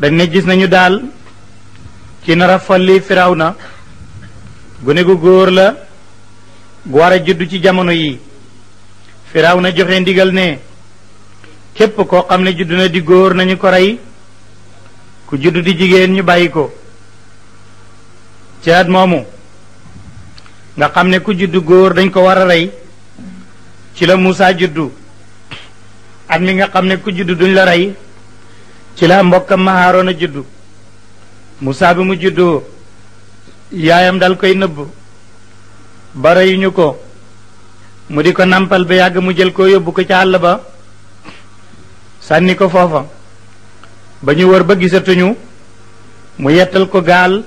dañ ne gis nañu daal ci nar a folli firaw na gune gu góor la gu war juddu ci jamono yii firaw na joxe ndigal ne képp koo xam ne juddu na di góor nañu ko rey ku juddu di jigéen ñu bàyyi ko ci at moomu nga xam ne ku juddu góor dañ ko war a rey ci la Muusaa juddu at mi nga xam ne ku juddu duñ la rey ci la mbokkam ma Haaroona juddu Musaa bi mu juddoo yaayam dal koy nëbb ba reyuñu ko mu di ko nampal bi yàgg mu jël ko yóbbu ko ca àll ba sànni ko foofa ba ñu wër ba gisatuñu mu yettal ko gaal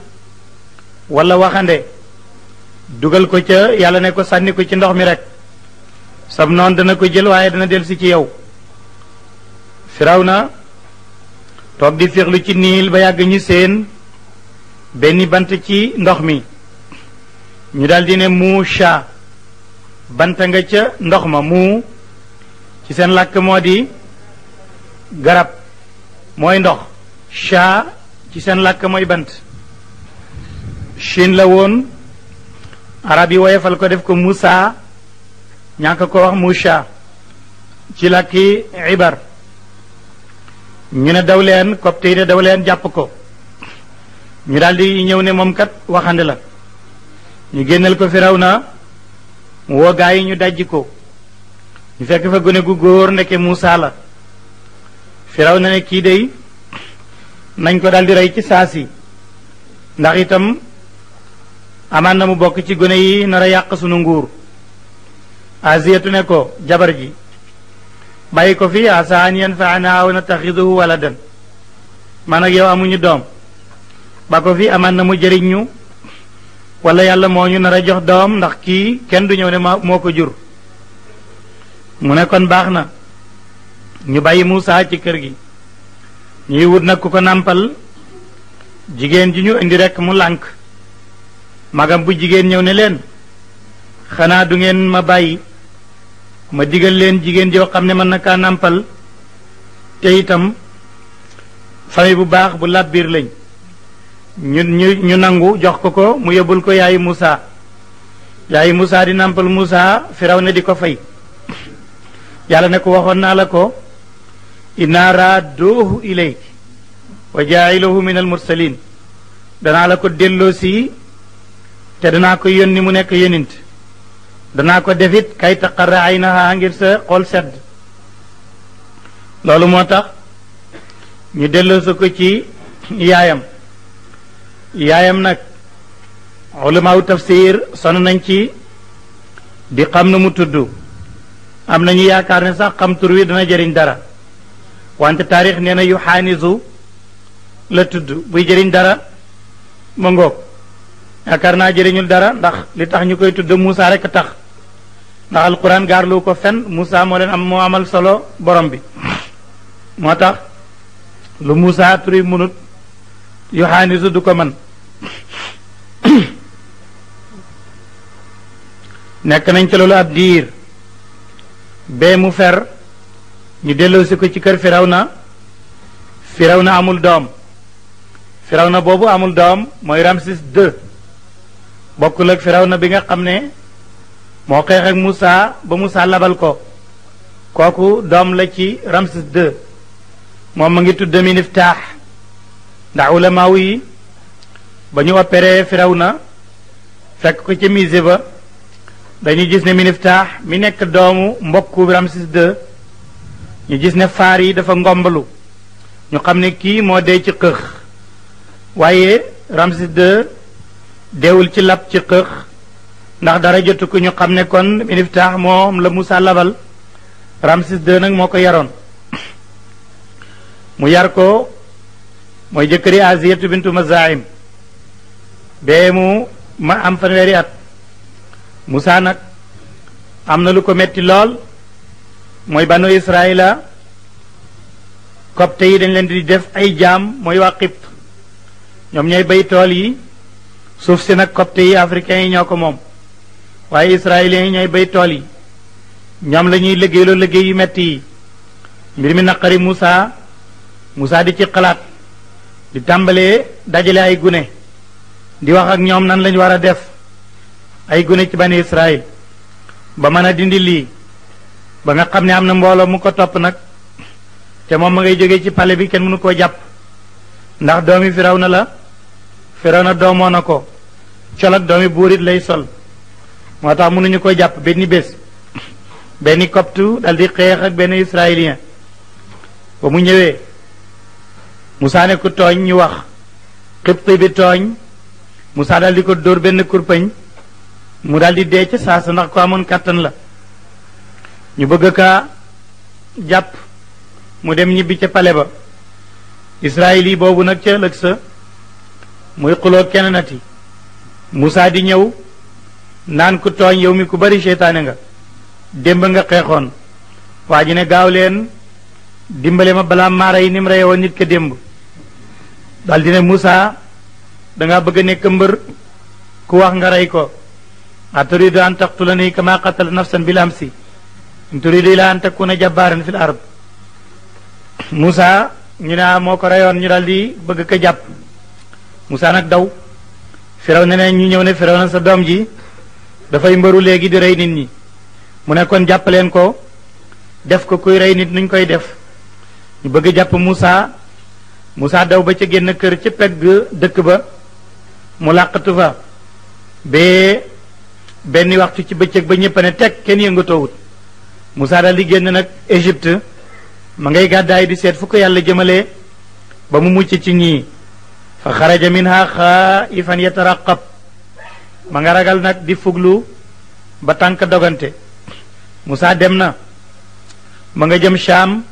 walla waxande dugal ko ca yàlla ne ko sànni ko ci ndox mi rekk sam noon dana ko jël waaye dana dellusi ci yow Firawna toog di féexlu ci niil ba yàgg ñu seen benn bant ci ndox mi ñu daldi ne mu sha bant nga ca ndox ma mu ci seen làkk moo di garab mooy ndox sha ci seen làkk mooy bant Chine la woon arab yi woyefal ko def ko Moussa ñànk ko wax Moussa ci làkki ibar ñu ne daw leen copte yi ne daw leen jàpp ko ñu daldi ñëw ne moom kat waxande la ñu génnal ko Firawna na woo gaa yi ñu dajji ko ñu fekk fa gone gu góor ndeke Muusaa la Firawna ne kii dey nañ ko daal di rey ci saa si ndax itam amaan na mu bokk ci gone yi nar a yàq sunu nguur asiyatu ne ko jabar ji bàyyi ko fi asa an yanfaana aw nattaxiduhu waladan man ak yow amuñu doom ba ko fi aman na mu jëriñ ñu wala yàlla moo ñu nar a jox doom ndax kii kenn du ñëw ne ma moo ko jur mu ne kon baax na ñu bàyyi Moussa ci kër gi ñuy wut nag ku ko nàmpal jigéen ji ñu indi rekk mu lànk magam bu jigéen ñëw ne leen xanaa du ngeen ma bàyyi ma digal leen jigéen joo xam ne mën na kaa nàmpal te itam famille bu baax bu làbbiir lañ ñu ñu nangu jox ko ko mu yóbbul ko yaayu Moussa yaay Moussa di nàmpal Moussa firaw na di ko fay yàlla ne ko waxoon naa la ko inna raadoohu ilayk wa jaa'iluhu min almursalin danaa la ko delloosi te danaa ko yónni mu nekk yónint danaa ko defit kay taqarra aynaha ngir sa xol sedd loolu moo tax ñu delloo sa ko ci yaayam yaayam nag ulamaaw tafsir son nañ ci di xam na mu tudd am nañu yaakaar ne sax xam tur wi dana jëriñ dara wante taarix nee na yu xaanisu la tudd buy jëriñ dara ma ngoog yaakaar naa jëriñul dara ndax li tax ñu koy tudd Moussa rek tax ndax alquran gaarlu ko fen Moussa moo leen am moo amal solo borom bi moo tax lu Moussa turi munut yoxaanisu du ko man nekk nañ ci loolu ab diir bee mu fer ñu delloosi ko ci kër Firawna na amul doom na boobu amul doom mooy Ramsis II bokkul firaw na bi nga xam ne moo xeex ak Moussa ba Moussa labal ko kooku doom la ci Ramses II moom ma ngi tudd Miftaax ndax ulamaaw yi ba ñu opéré na fekk ko ca mise ba dañu gis ne Miftaax mi nekk doomu mbokku Ramses II ñu gis ne faar yi dafa ngombalu ñu xam ne kii moo dee ci xëx waaye deewul ci lab ci xëx ndax dara jotu ko ñu xam ne kon Miftaax moom la Moussa labal Ramsis II nag moo ko yaroon mu yar ko mooy jëkkëri Asiyatu bintu Mazaim bee mu ma am fanweeri at Moussa nag am na lu ko metti lool mooy banu Israila copte yi dañ leen di def ay jaam mooy waa Xibt ñoom ñooy bay tool yi suuf si nag copte yi africains yi ñoo ko moom waaye israéliens yi ñooy bay tool yi ñoom la ñuy liggéeyloo liggéey yu metti yi mbir mi naqari Moussa Moussa di ci xalaat di tàmbalee dajale ay gune di wax ak ñoom nan lañu war a def ay gune ci bani Israël ba mën a dindi lii ba nga xam ne am na mbooloo mu ko topp nag te moom ma ngay jóge ci pale bi kenn mënu koo jàpp ndax doomi na la Firawna doomoo na ko colak doomi buurit lay sol moo tax mënuñu ko jàpp benn bés benn coptu dal xeex ak benn israélien ba mu ñëwee Musaa ne ku tooñ ñu wax xibti bi tooñ Musaa dal di ko dóor benn kurpañ mu daldi di dee ca saasa ndax ko amoon kàttan la ñu bëgg a kaa jàpp mu dem ñibbi ca pale ba israel boobu nag ca ëllëg sa muy xuloo kenn musa Musa di ñëw naan ku tooñ yow mi ku bari seytaane nga démb nga xeexoon waa ji ne gaaw leen dimbale ma balaa maara yi nim mu reyewoon nit ke démb dal di ne da nga bëgg nekk mbër ku wax nga rey ko a an taqtulani kama qatala nafsan bil amsi in turidu ila an takuna jabbaran fil ard Musa, ñu ne ah, moo ko reyoon ñu bëgg ka jàpp Moussa nag daw firaw ne ñu ñëw ne firaw na sa doom ji dafay mbëru léegi di rey nit ñi mu ne kon jàppaleen ko def ko kuy rey nit nuñ koy def ñu bëgg jàpp musaa Moussa daw ba ca génn kër ca pegg dëkk ba mu làqatu fa bee benn waxtu ci bëccëg ba ñëpp teg kenn yëngatoowut Moussa daal di génn nag Égypte ma ngay gàddaay di seet fu yàlla jëmalee ba mu mucc ci ñii fa xaraja minha xaifan yataraqab ma nga ragal nag di fuglu ba tànk dogante Moussa dem na ma nga jëm Cham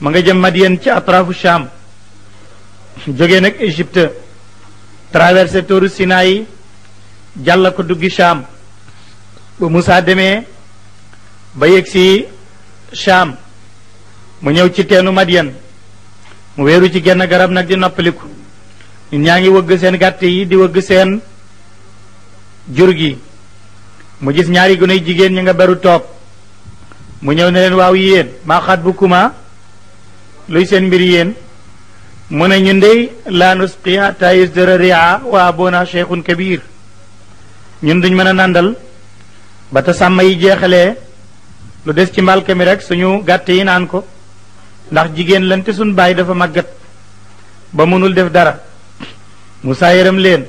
ma nga jëm Madiyen ci atrafu Cham jógee nag Égypte traversé tóoru Sinaay jàll ko duggi Cham bu Moussa demee ba yegg si Cham mu ñëw ci teenu Madiyen mu wéeru ci genn garab nag di noppaliku Inyangi ngi wëgg seen gàtt yi di wëgg seen jur gi mu gis ñaari gunay jigéen ñi nga beru toog mu ñëw ne leen waaw yéen ma xaat bu kuma luy seen mbir yéen mu ne ñun de la nusqi hatta yusdara ria wa abona cheikhun kabir ñun duñ mën a nàndal ba ta sàmm yi jeexalee lu des ci mbalka mi rek suñu gàtt yi naan ko ndax jigéen lante sun bàyyi dafa màggat ba mënul def dara Moussa yërëm leen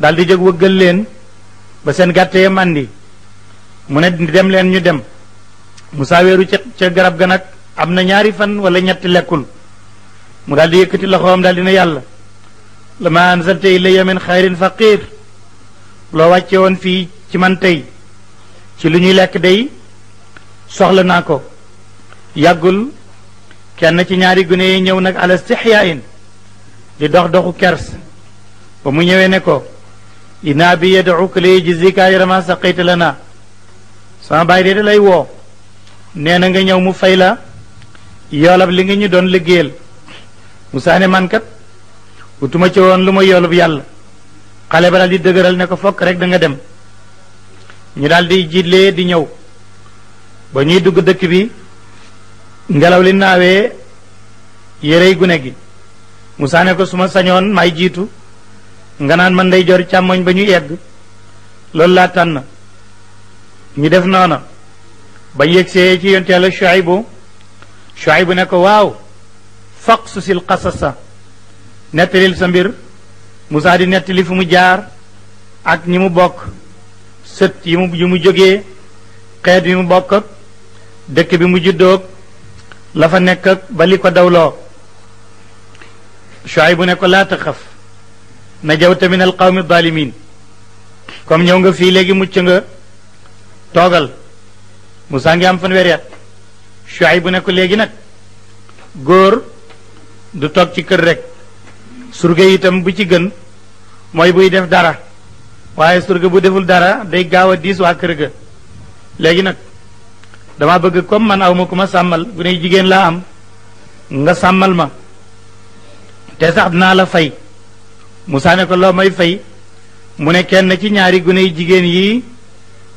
daal di jóg wëggal leen ba seen gàtte ya màndi mu ne dem leen ñu dem Moussa wéeru ca ca garab ga nag am na ñaari fan walla ñetti lekkul mu daal di yëkkati loxoom daal di yàlla la ma anzalta ilayya min xayrin faqir loo wàcce woon fii ci man tey ci lu ñuy lekk day soxla naa ko yàggul kenn ci ñaari gune yi ñëw nag ala istixyaain di dox doxu kers ba mu ñëwee ne ko inaa bi yad'uka li yajzika ajra ma saqayta lana sama baay dee da lay woo nee na nga ñëw mu fay la yoolab li nga ñu doon liggéeyal Musaa ne mankat utuma ci woon lu ma yoolub yàlla xale ba daal di dëgëral ne ko fokk rek danga dem ñu daal jiitle di ñëw ba ñuy dugg dëkk bi ngelaw li naawee yérey gune gi Musaa ne ko suma sañoon may jiitu nga naan ma day jor càmmoñ ba ñu yegg loolu laa tànn ñu def noona ba yegsee ci yonte yàlla Shuaybu Shuaybu ne ko waaw faqsusil sa nettalil sa mbir Musaa di nettali fu mu jaar ak ñi mu bokk sët yi mu yi xeet yi mu bokk dëkk bi mu juddoog la nekk ak ba li ko dawloo Shuaybu ne ko laata taxaf na najawta min al qawmi zalimin comme ñëw nga fii léegi mucc nga toogal Moussa ngi am fanweeri at Shuayb bu ne léegi nag góor du toog ci kër rek surga itam bu ci gën mooy buy def dara waaye surga bu deful dara day gaaw a diis waa kër ga léegi nag dama bëgg comme man aw ma ku ma sàmmal bu ne jigéen laa am nga sàmmal ma te sax dinaa la fay Moussa ne ko loo may fay mu ne kenn ci ñaari gune yu jigéen yi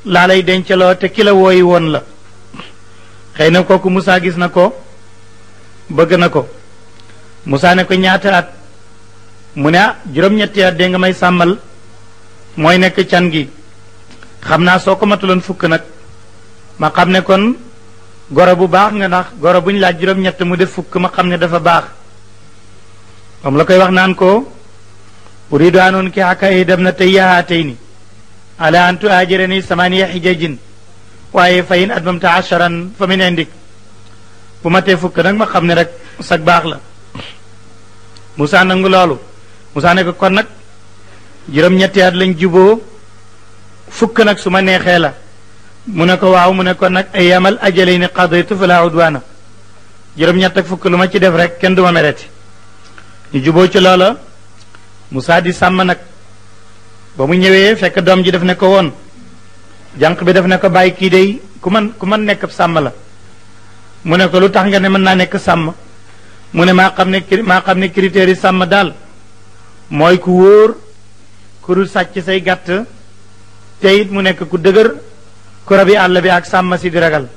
laa lay dencaloo te kilo la woon la xëy na kooku musaa gis na ko bëgg na ko musaa ne ko ñaata at mu ne ah juróom-ñetti at de nga may sàmbal mooy nekk can gi xam naa soo ko matuloon fukk nag ma xam ne kon goro bu baax nga ndax goro buñ laa laaj juróom-ñett mu def fukk ma xam ne dafa baax moom la koy wax naan ko أريد أن أنكحك إحدى ابنتي هاتين على أن تؤاجرني ثمانية حجاج waaye fa in atmamta asharan fa min indik bu ma tee fukk nag ma xam ne rek sag baax la Moussa nangu loolu Moussa ne ko kon nag juróom-ñetti at lañ juboo fukk nag su ma neexee la mu ne ko waaw mu ne kon nag ay yamal ajalay ni qadaytu fala udwana juróom-ñett ak fukk lu ma ci def rek kenn du ma mereti ñu juboo ci loola Moussa di sam nak ba mu ñëwé fekk doom ji def ne ko woon jànq bi def ne ko bàyyi day ku man ku man nek sam la mu ne ko lu tax nga ne man na nek sam mu ne ma xam ne maa xam ne critères yi ku woor ku ru sacc say gatt teyit mu nek ku deugar ku rabi allah bi ak sam si di ragal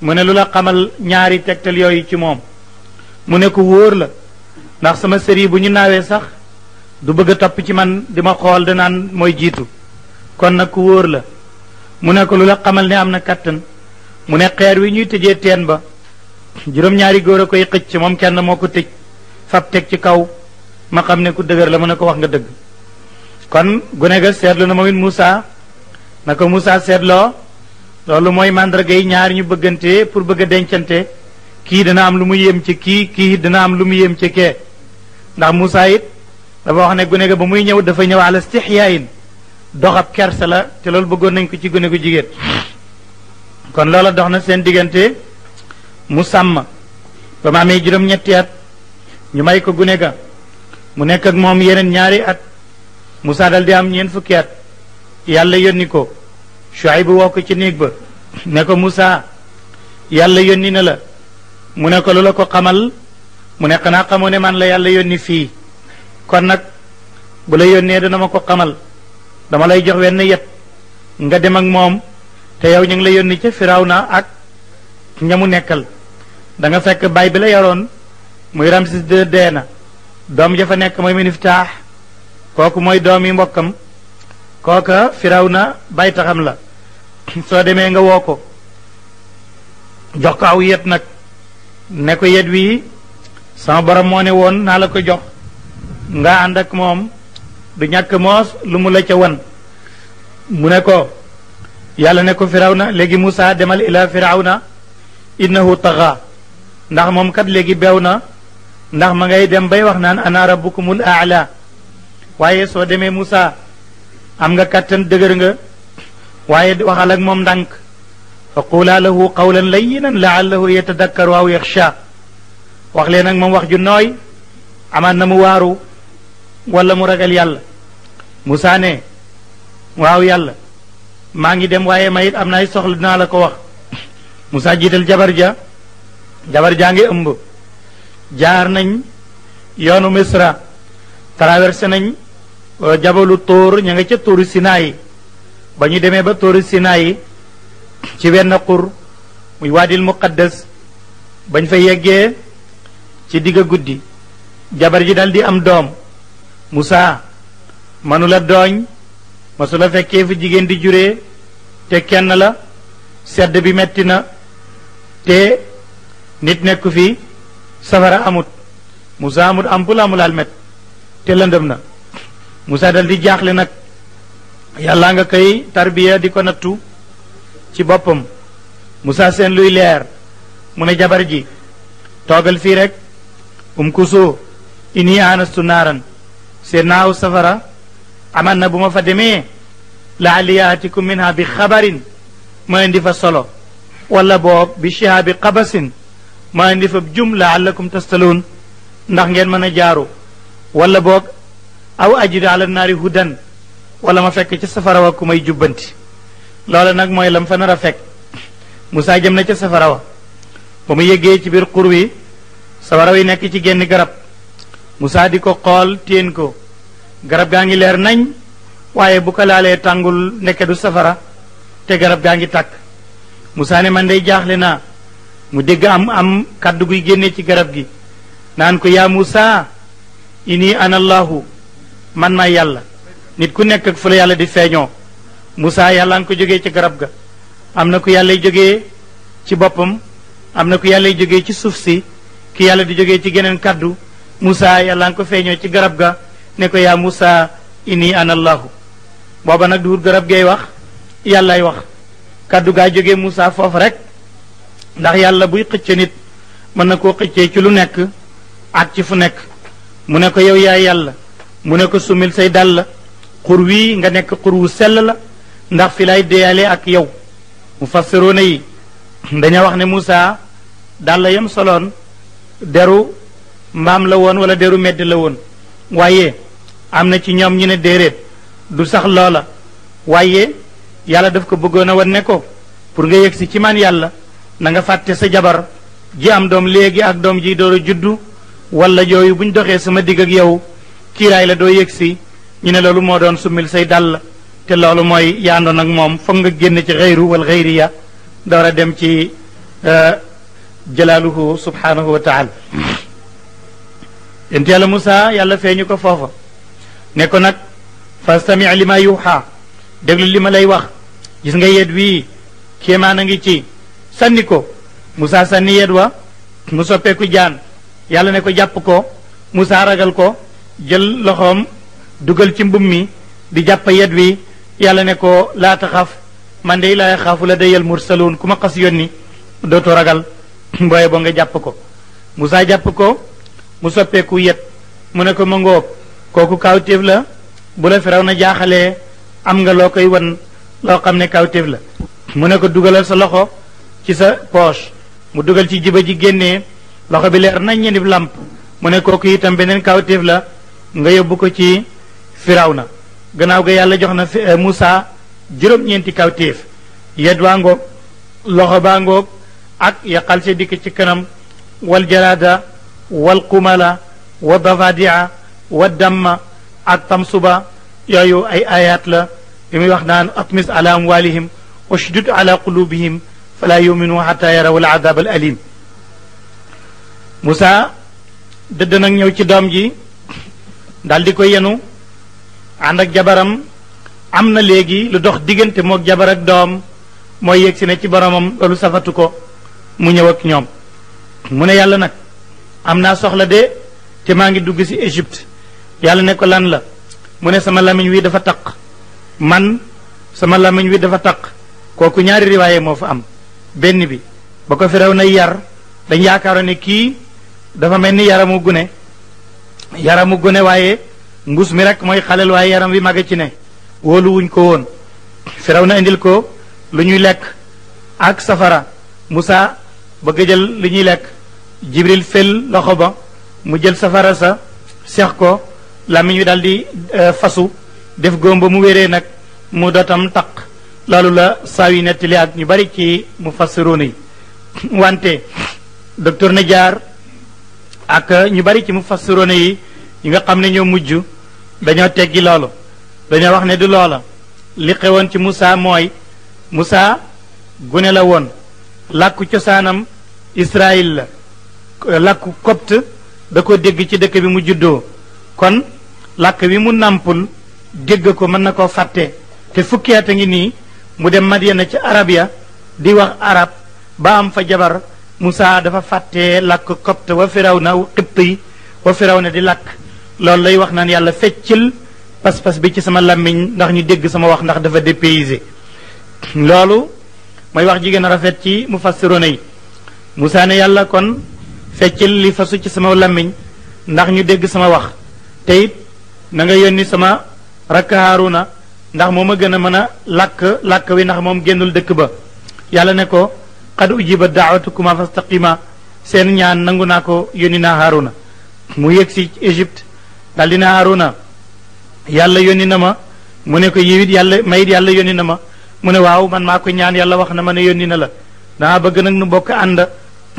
mu ne lu la xamal ñaari tektal yoy ci mom mu ne ku woor la ndax sama seri bu ñu nawé sax du bëgg a topp ci man di ma xool danaan mooy jiitu kon nag ku wóor la mu ne ko lu la xamal ne am na kàttan mu ne xeer wi ñuy tëje teen ba juróom-ñaari góor a koy xëcc moom kenn moo ko tëj fab teg ci kaw ma xam ne ku dëgër la mu ne ko wax nga dëgg kon gune ga seetlu na ma it Moussa na ko Moussa seetloo loolu mooy màndarga yi ñaar ñu bëggante pour bëgg a dencante kii dana am lu mu yem ci kii kii dana am lu mu yem ci kee ndax Moussa yit dafa wax ne gune ga ba muy ñëw dafa ñew ala stixyaayin doxab kersa la te loolu bëggoon nañ ko ci gune gu jigéen kon loola dox na seen diggante mu sàmm ba ma amee juróom-ñetti at ñu may ko gune ga mu nekk ak moom yeneen ñaari at Musa dal di am ñeen fukki at yàlla yónni ko shuaib woo ko ci néeg ba ne ko musa yàlla yónni na la mu ne ko lu ko xamal mu ne xanaa xamoo man la yàlla yónni fii kon nag bu la yónnee dana ma ko xamal dama lay jox wenn yet nga dem ak moom te yow ñu ngi la yónni ca na ak ñamu nekkal danga nga fekk baay bi la yaroon muy Ramsis dee na doom ja fa nekk mooy fi Miniftaax kooku mooy doom yi mbokkam kooka Firawna bay taxam la soo demee nga woo ko jox ko aw yet nag ne ko yet wii sama borom moo ne woon naa la ko jox nga ànd ak moom du ñàkk moos lu mu la ca wan mu ne ko yàlla ne ko na léegi Moussa demal firaw na innahu taxa ndax moom kat léegi beew na ndax ma ngay dem bay wax naan ana rabbukumul aala waaye soo demee Moussa am nga kàttan dëgër nga waaye waxal ak moom ndànk fa quulaa lahu qawlan layyinan laallahu yatadakkaru aw yaxsha wax leen ak moom wax ju nooy amaan na mu waaru wala mu ragal yàlla Moussa ne waaw yàlla maa ngi dem waaye mayit am na ay soxla dinaa la ko wax Moussa jiital jabar ja jabar jaa ngi ëmb jaar nañ yoonu Misra traversé nañ euh, jabaru tóor ña nga ca tóori Sinaay ba ñu demee ba tóori Sinaay ci wenn xur muy waadil muqaddas bañ fa yeggee ci digg guddi jabar ji dal di am doom Moussa manula dooñ masula fekkee fu jigéen di jure te kenn la sedd bi metti na te nit nekku fi safara amut Moussa amut ampul amul almet te lëndëm na Moussa dal di jaaxle nag yàlla nga koy tarbiya di ko nattu ci boppam Moussa seen luy leer mu ne jabar ji toogal fii rek um kusoo ini aanastu naaran سيدنا سفرة أمان نبو ما فدمي لعلي أتكم منها بخبر ما عندي فصلو ولا بو بشيها بقبس ما عندي فبجم لعلكم تستلون نخنجين من جارو ولا بو أو أجد على النار هدى ولا ما فك سفرة وكما يجبنت لولا نغمى لم فنرى فك موسى جمنا سفرة وما يجي بير قروي سفرة وينكي جن غرب musa di ko xol Tien ko garab gaangi leer nañ waaye bu ko laalee tàngul nekke du safara te garab gaangi tak musa ne man day jaaxle naa mu dégg am am kaddu guy génne ci garab gi naan ko yaa musa ini ana allahu man maa yàlla nit ku nekk fu la yàlla di feeñoo musa yàlla nga ko jógee ci garab ga am na ku yàlla jógee ci boppam am na ku yàlla jógee ci suuf si ki yàlla di jógee ci geneen kaddu Moussa yàlla nga ko feeñoo ci garab ga ne ko yaa Moussa inni ana allahu booba nag duur garab gay wax yàllaay wax kàddu gaa jóge Moussa foofu rek ndax yàlla buy xëcc nit mën na koo xëccee ci lu nekk at ci fu nekk mu ne ko yow yaa yàlla mu ne ko sumil say dàll la xur wii nga nekk xur wu sell la ndax fi lay deyalee ak yow mu fassiroona yi dañoo wax ne Moussa dàll yam soloon deru mbaam la woon wala déeru medd la woon waaye am na ci ñoom ñu ne déeréet du sax loola waaye yàlla def ko bëggoon a wan ne ko pour nga yegsi ci man yàlla na nga fàtte sa jabar ji am doom léegi ak doom ji door a juddu wala jooyu bu ñu doxee sama digg ak yow kiiraay la doo yegsi ñu ne loolu moo doon summil say dàll te loolu mooy yaandoon ak moom foog nga génn ci xayru wal xayriya door a dem ci euh, jalaaluhu subhaanahu wa taala yonent yàlla Moussa yàlla feeñu ko foofa ne ko nag fastami li ma yuuxa déglu li ma lay wax gis nga yet wi kéemaan a ngi ci sànni ko Moussa sànni yet wa mu soppeeku jaan yàlla ne ko jàpp ko Moussa ragal ko jël loxoom dugal ci mbubb mi di jàpp yet wi yàlla ne ko laata taxaf man de laa yaxaafu la dayal mursaluun ku ma xas yónni dootoo ragal booye boo nga jàpp ko Moussa jàpp ko mu soppeeku yet mu ne ko ma ngóob kooku kawtéef la bu la firaw na jaaxalee am nga loo koy wan loo xam ne kawtéef la mu ne ko dugalal sa loxo ci sa poche mu dugal ci jiba ji génnee loxo bi leer nañ ñenib lamp mu ne kooku itam beneen kawtéef la nga yóbbu ko ci firaw na ga yàlla jox na eh, Moussa juróom-ñeenti kawtéef loxo baa ak yaqal sa dikk ci kanam wal jaraada والقملة والضفادع والدم التمصبة يويو أي آيات لا يمي وخنان أطمس على أموالهم واشدد على قلوبهم فلا يؤمنوا حتى يروا العذاب الأليم موسى dëdd nag ñëw ci doom ji dal di ko yenu ànd ak jabaram am na léegi lu dox diggante moog jabar ak doom mooy yegg si ne ci boromam loolu safatu ko mu ñëw ak ñoom mu ne yàlla nag am naa soxla de te maa ngi dugg ci Égypte yàlla ne ko lan la mu ne sama lamiñ wi dafa taq man sama lamiñ wi dafa taq kooku ñaari riwaaye moo fa am benn bi ba ko firaw na yar dañ yaakaaroon ne kii dafa mel ni yaramu gune yaramu gune waaye mbuus mi rek mooy xalel waaye yaram wi màgg ci ne wóolu ko woon firaw na indil ko lu ñuy lekk ak safara Musaa ba jël li ñuy lekk jibril fel loxo ba mu jël safara sa seex ko làmmiñ wi daal di euh, fasu def gomba mu wéree nag mu dootam taq loolu la saa yu nettali ak ñu bari ci mu fassiroona yi wante docteur Najaar ak ñu bari ci mu fassiroona yi ñi nga xam ne ñoo mujj dañoo teggi loolu dañoo wax ne du loola li xewoon ci Moussa mooy Moussa gune la woon làkku cosaanam Israël la laku copte da ko deg ci dekk bi mu juddo kon laku wimu mu nampul deg ko man nako fatte te fukki at ngi ni mu dem madina ci arab ya di wax arab ba am fa jabar Moussa dafa fatte lak copte wa firawna na wa firawna di laku lol lay wax nan yalla feccil pas-pas bi ci sama lam ndax ñu deg sama wax ndax dafa dépayser lolou may wax jigen rafet ci mufassirone musa ne yalla kon feccal li fasu ci sama làmmiñ ndax ñu dégg sama wax te it nga yónni sama rakk Haaruna ndax moo ma gën a mën a làkk làkk wi ndax moom génnul dëkk ba yàlla ne ko qad ujiba daawatukumaa fastaqima seen ñaan nangu naa ko yónni naa Haaruna mu yëg si Égypte daal dina Haaruna yàlla yónni na ma mu ne ko yiwit yàlla mayit yàlla yónni na ma mu ne waaw man maa ko ñaan yàlla wax na ma ne yónni na la danaa bëgg nag nu bokk ànd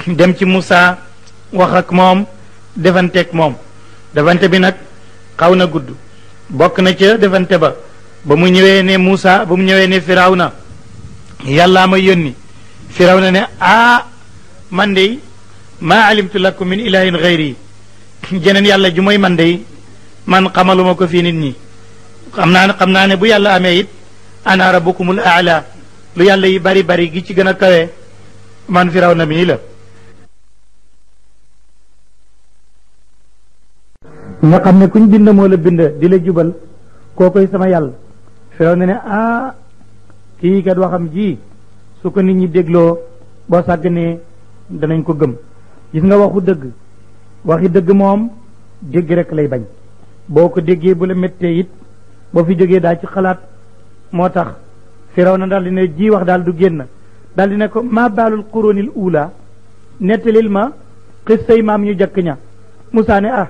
dem ci Moussa wax ak moom defanteeg moom defante bi nag xaw na gudd bokk na ca defante ba ba mu ñëwee ne Moussa ba mu ñëwee ne Firawna yàllaa ma yónni Firawna ne ah man de maa alimtu lakum min ilahin xayri jeneen yàlla ju mooy man de man xamaluma ko fii nit ñi xam naa ne xam naa ne bu yàlla amee it ana rabbukumul aala lu yàlla yi bari bari gi ci gën a kawe man Firawna mii la nga xam ne kuñ bind moo la bind di la jubal kookoy sama yàlla firaw ne ne ah kii kat waxam ji su ko nit ñi dégloo boo sàgganee danañ ko gëm gis nga waxu dëgg waxi dëgg moom dégg rek lay bañ boo ko déggee bu la méttee it boo fi jógee daal ci xalaat moo tax firaw na daal di ne ji wax daal du génn daal di ne ko maa baalul quróonil uula nettalil ma xis maam ñu jëkk ña Musaa ne ah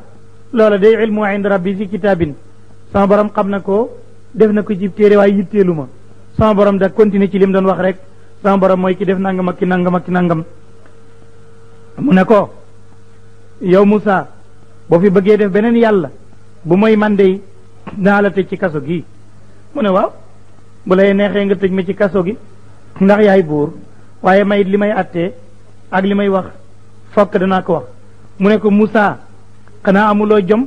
loola day ilmu inda rabbi fi kitaabin sama borom xam na ko def na ko ci téere waaye yitteelu ma sama borom da continuer ci lim doon wax rek sama borom mooy ki def nangam ak ki nangam ak ki nangam mu ne ko yow Moussa boo fi bëggee def beneen yàlla bu mooy man de naa la tëj ci kaso gi mu ne waaw bu lay neexee nga tëj ma ci kaso gi ndax yaay buur waaye may li may attee ak li may wax fokk danaa ko wax mu ne ko Moussa xanaa amuloo jom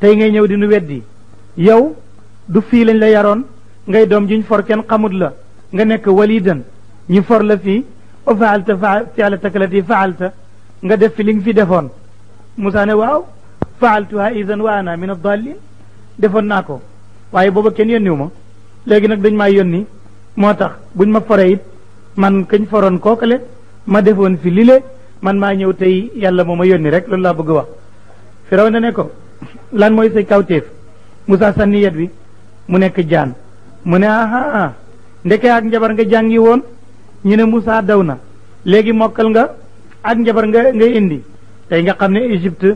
tey ngay ñëw di nu weddi yow du fii lañ la yaroon ngay doom jiñ for kenn xamut la nga nekk waliidan ñu for la fii o faalta fialataka lati faalta nga def fi li nga fi defoon Moussa ne waaw faaltuha idan wa ana min addalin defoon naa ko waaye booba kenn yónniwu ma léegi nag dañ maa yónni moo tax buñ ma fore it man kañ foroon kookale ma defoon fi lile man maa ñëw tey yàlla moom ma yónni rek loolu laa bëgg wax firaw na ne ko lan mooy say kawtéef Moussa sànni yet bi mu nekk jaan mu ne aha ndeke ak njabar nga jàngi woon ñu ne Moussa daw na léegi mokkal nga ak njabar nga nga indi tey nga xam ne Égypte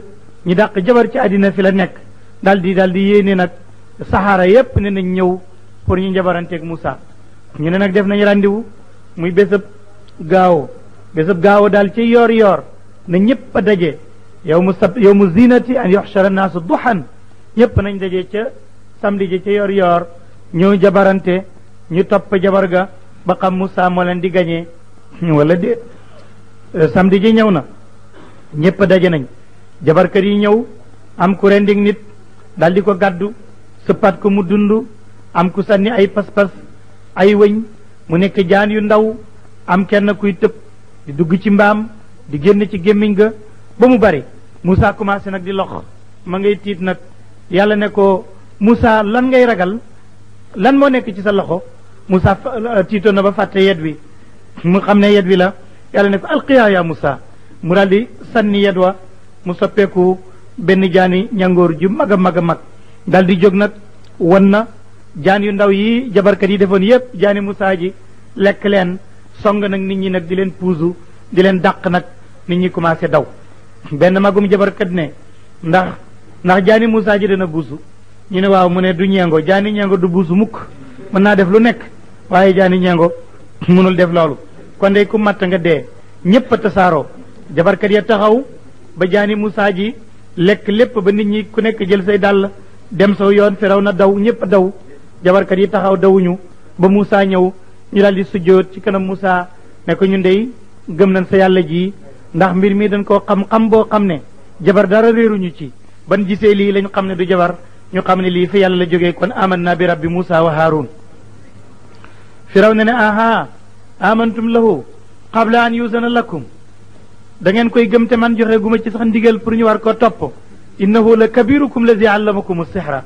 ñi dàq jabar ci àddina fi la nekk daal di daal di yéene nag saxaara yépp ne nañ ñëw pour ñu njabaranteeg Moussa ñu ne nag def nañ ràndiwu muy bésëb gaawo bésëb gaawo daal ci yoor yoor na ñëpp a daje yow mu sab yow mu zinati an yoxchara naasu duxan ñëpp nañ daje ca samedi ji ca yoryor yor ñëw jabarante ñu topp jabar ga ba xam Moussa moo leen di gañee wala dé samedi ji ñëw na ñëpp daje nañ jabarkat yi ñëw am ku rendig nit daal di ko gàddu sëppaat ko mu dund am ku sànni ay pas-pas ay wëñ mu nekk jaan yu ndaw am kenn kuy tëb di dugg ci mbaam di génn ci gémmiñ ga ba mu bari musa commencé nak di lox ma ngay tit nak yalla ne ko musa lan ngay ragal lan mo nek ci sa loxo musa euh, tito na ba fatte yed wi mu xamne ne wi la yalla ne ko alqiya ya Musa, muradi daal di Musa peku, wa mu soppeku ben jani ñangor ju maga maga mag a mag di jóg nag wan na yu ndaw yi kat yi defon yeb jani musa ji lek len song nak nit ñi nak di len pouzu di len dak nak nit ñi commencé daw benn magum jabarkat ne ndax ndax jaani Moussa ji dana buusu ñu ne waaw mu ne du ñeengo jaani ñeengo du buusu mukk mën naa def lu nekk waaye jaani ñeengo mënul def loolu kon de ku matt nga dee ñépp tasaaroo jabarkat yi taxaw ba jaani Moussa ji lekk lépp ba nit ñi ku nekk jël say dàll dem saw yoon firaw na daw ñépp daw jabarkat yi taxaw dawuñu ba Moussa ñëw ñu daal di sujjoot ci kanam Moussa ne ko ñun dey gëm nañ sa yàlla ji ndax mbir mi dañ koo xam xam boo xam ne jabar dara réeruñu ci ban gisee lii lañ xam ne du jabar ñu xam ne lii fi yàlla la jógee kon aman naa bi rabbi Muusa wa Haaruun firaw na ne aha amantum lahu qabla an yuzana lakum da ngeen koy gëm te man joxe guma ci sax ndigal pour ñu war ko topp innahu la kabirukum lazi allamakum sihra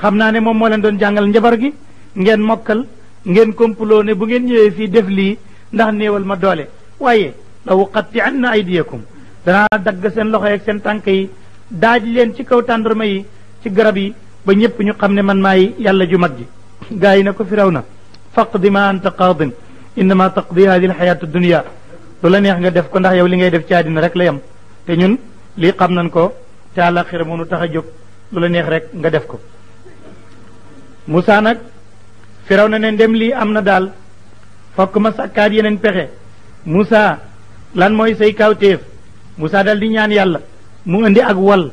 xam naa ne moom moo leen doon jàngal njabar gi ngeen mokkal ngeen kompuloo ne bu ngeen ñëwee fii def lii ndax néewal ma doole waaye la uqatti'anna aydiyakum danaa dagg seen loxo yeeg seen tànk yi daaj leen ci kaw ma yi ci garab yi ba ñëpp ñu xam ne man maay yàlla ju mag ji gaa yi ne ko firaw na di ma anta qaadin innama taqdi hadi alxayaatu dunia lu la neex nga def ko ndax yow li ngay def ci àddina rek la yam te ñun li xam nañ ko te moo moonu tax a jóg lu la neex rek nga def ko Moussa nag firaw na ne ndem lii am na daal fokk ma sàkkaat yeneen pexe Moussa lan mooy say kawtéef Moussa dal di ñaan yàlla mu indi ak wal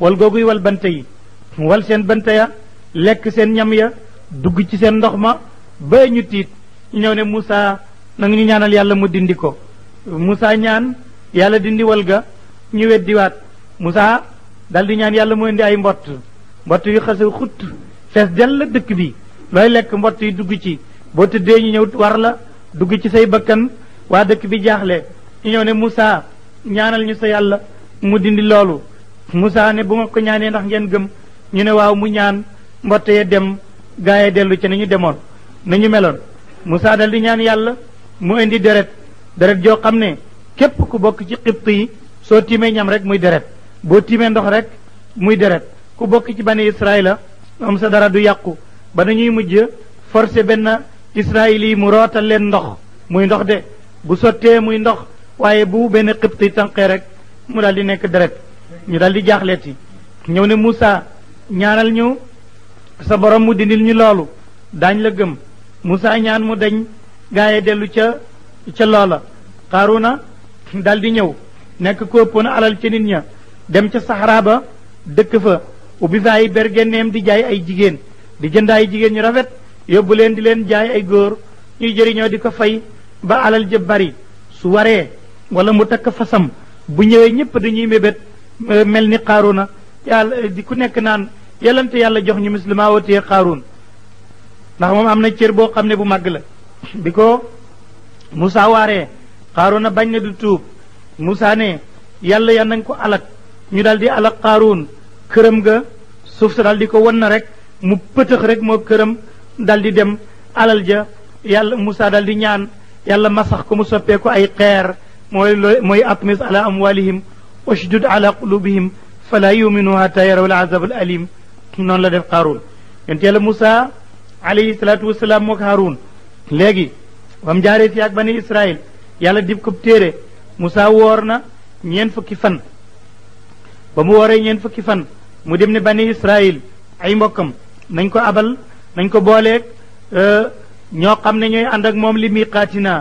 wal googuy wal bante yi wal seen bante ya lekk seen ñam ya dugg ci seen ndox ma ba ñu tiit ñu ñëw ne Moussa nangu ñu ñaanal yàlla mu dindi ko Moussa ñaan yàlla dindi wal ga ñu weddiwaat Moussa dal di ñaan yàlla mu indi ay mbott mbott yu xase xut fees dell dëkk bi looy lekk mbott yi dugg ci boo tëddee ñu ñëw war la dugg ci say bakkan waa dëkk bi jaaxle ñu ñëw ne Moussa ñaanal ñu sa yàlla mu dindi loolu Moussa ne bu ma ko ñaanee ndax ngeen gëm ñu ne waaw mu ñaan mbotte dem gaay yi dellu ci nañu demoon nañu meloon Moussa dal di ñaan yàlla mu indi deret deret joo xam ne képp ku bokk ci xibt yi soo tiimee ñam rek muy deret boo tiimee ndox rek muy deret ku bokk ci bani Israayila moom sa dara du yàqu ba nañuy mujj forcé benn Israayil yi mu rootal leen ndox muy ndox de bu sottee muy ndox waaye bu benn xibti tànqee rek mu daal di nekk deret ñu daal di jaaxleeti ñëw ne Moussa ñaanal ñu sa borom mu dindil ñu loolu daañ la gëm Moussa ñaan mu dañ gaaye dellu ca ca loola Xaaruna daal di ñëw nekk ko ëppoon alal ca nit ña dem ca Saxara dëkk fa ubbi fa ay bergenneem di jaay ay jigéen di jënd ay jigéen ñu rafet yóbbu leen di leen jaay ay góor ñuy jëriñoo di ko fay ba alal jë bari su waree wala mu takk fasam bu ñëwee ñëpp dañuy mébét euh, mel ni xaaruna yàlla di ku nekk naan yalante yàlla jox ñu muslima wotee xaaruun ndax moom am na cër boo xam ne bu màgg la bi ko musaa waaree xaaruna bañ na du tuub Moussa ne yàlla ya nañ ko alak ñu daal di alak xaaruun këram ga suuf sa daal di ko wan na rek mu pëtëx rek moo këram daal di dem alal ja yàlla Moussa daal di ñaan yàlla masax ko mu soppee ko ay xeer mooy looy mooy atmis ala amwalihim washdud ala qulubihim fala yuminu hatta yaraw alazab alalim noonu la def xaaruun yonent yàlla Moussa alayhi salaatu wasalaam mook xaaruun léegi bam jaaree fi ak bani Israël yàlla dib ko téere Moussa woor na ñeen fukki fan ba mu wooree ñeen fukki fan mu dem ne bani Israël ay mbokkam nañ ko abal nañ ko booleeg ñoo xam ne ñooy ànd ak moom li miqaatina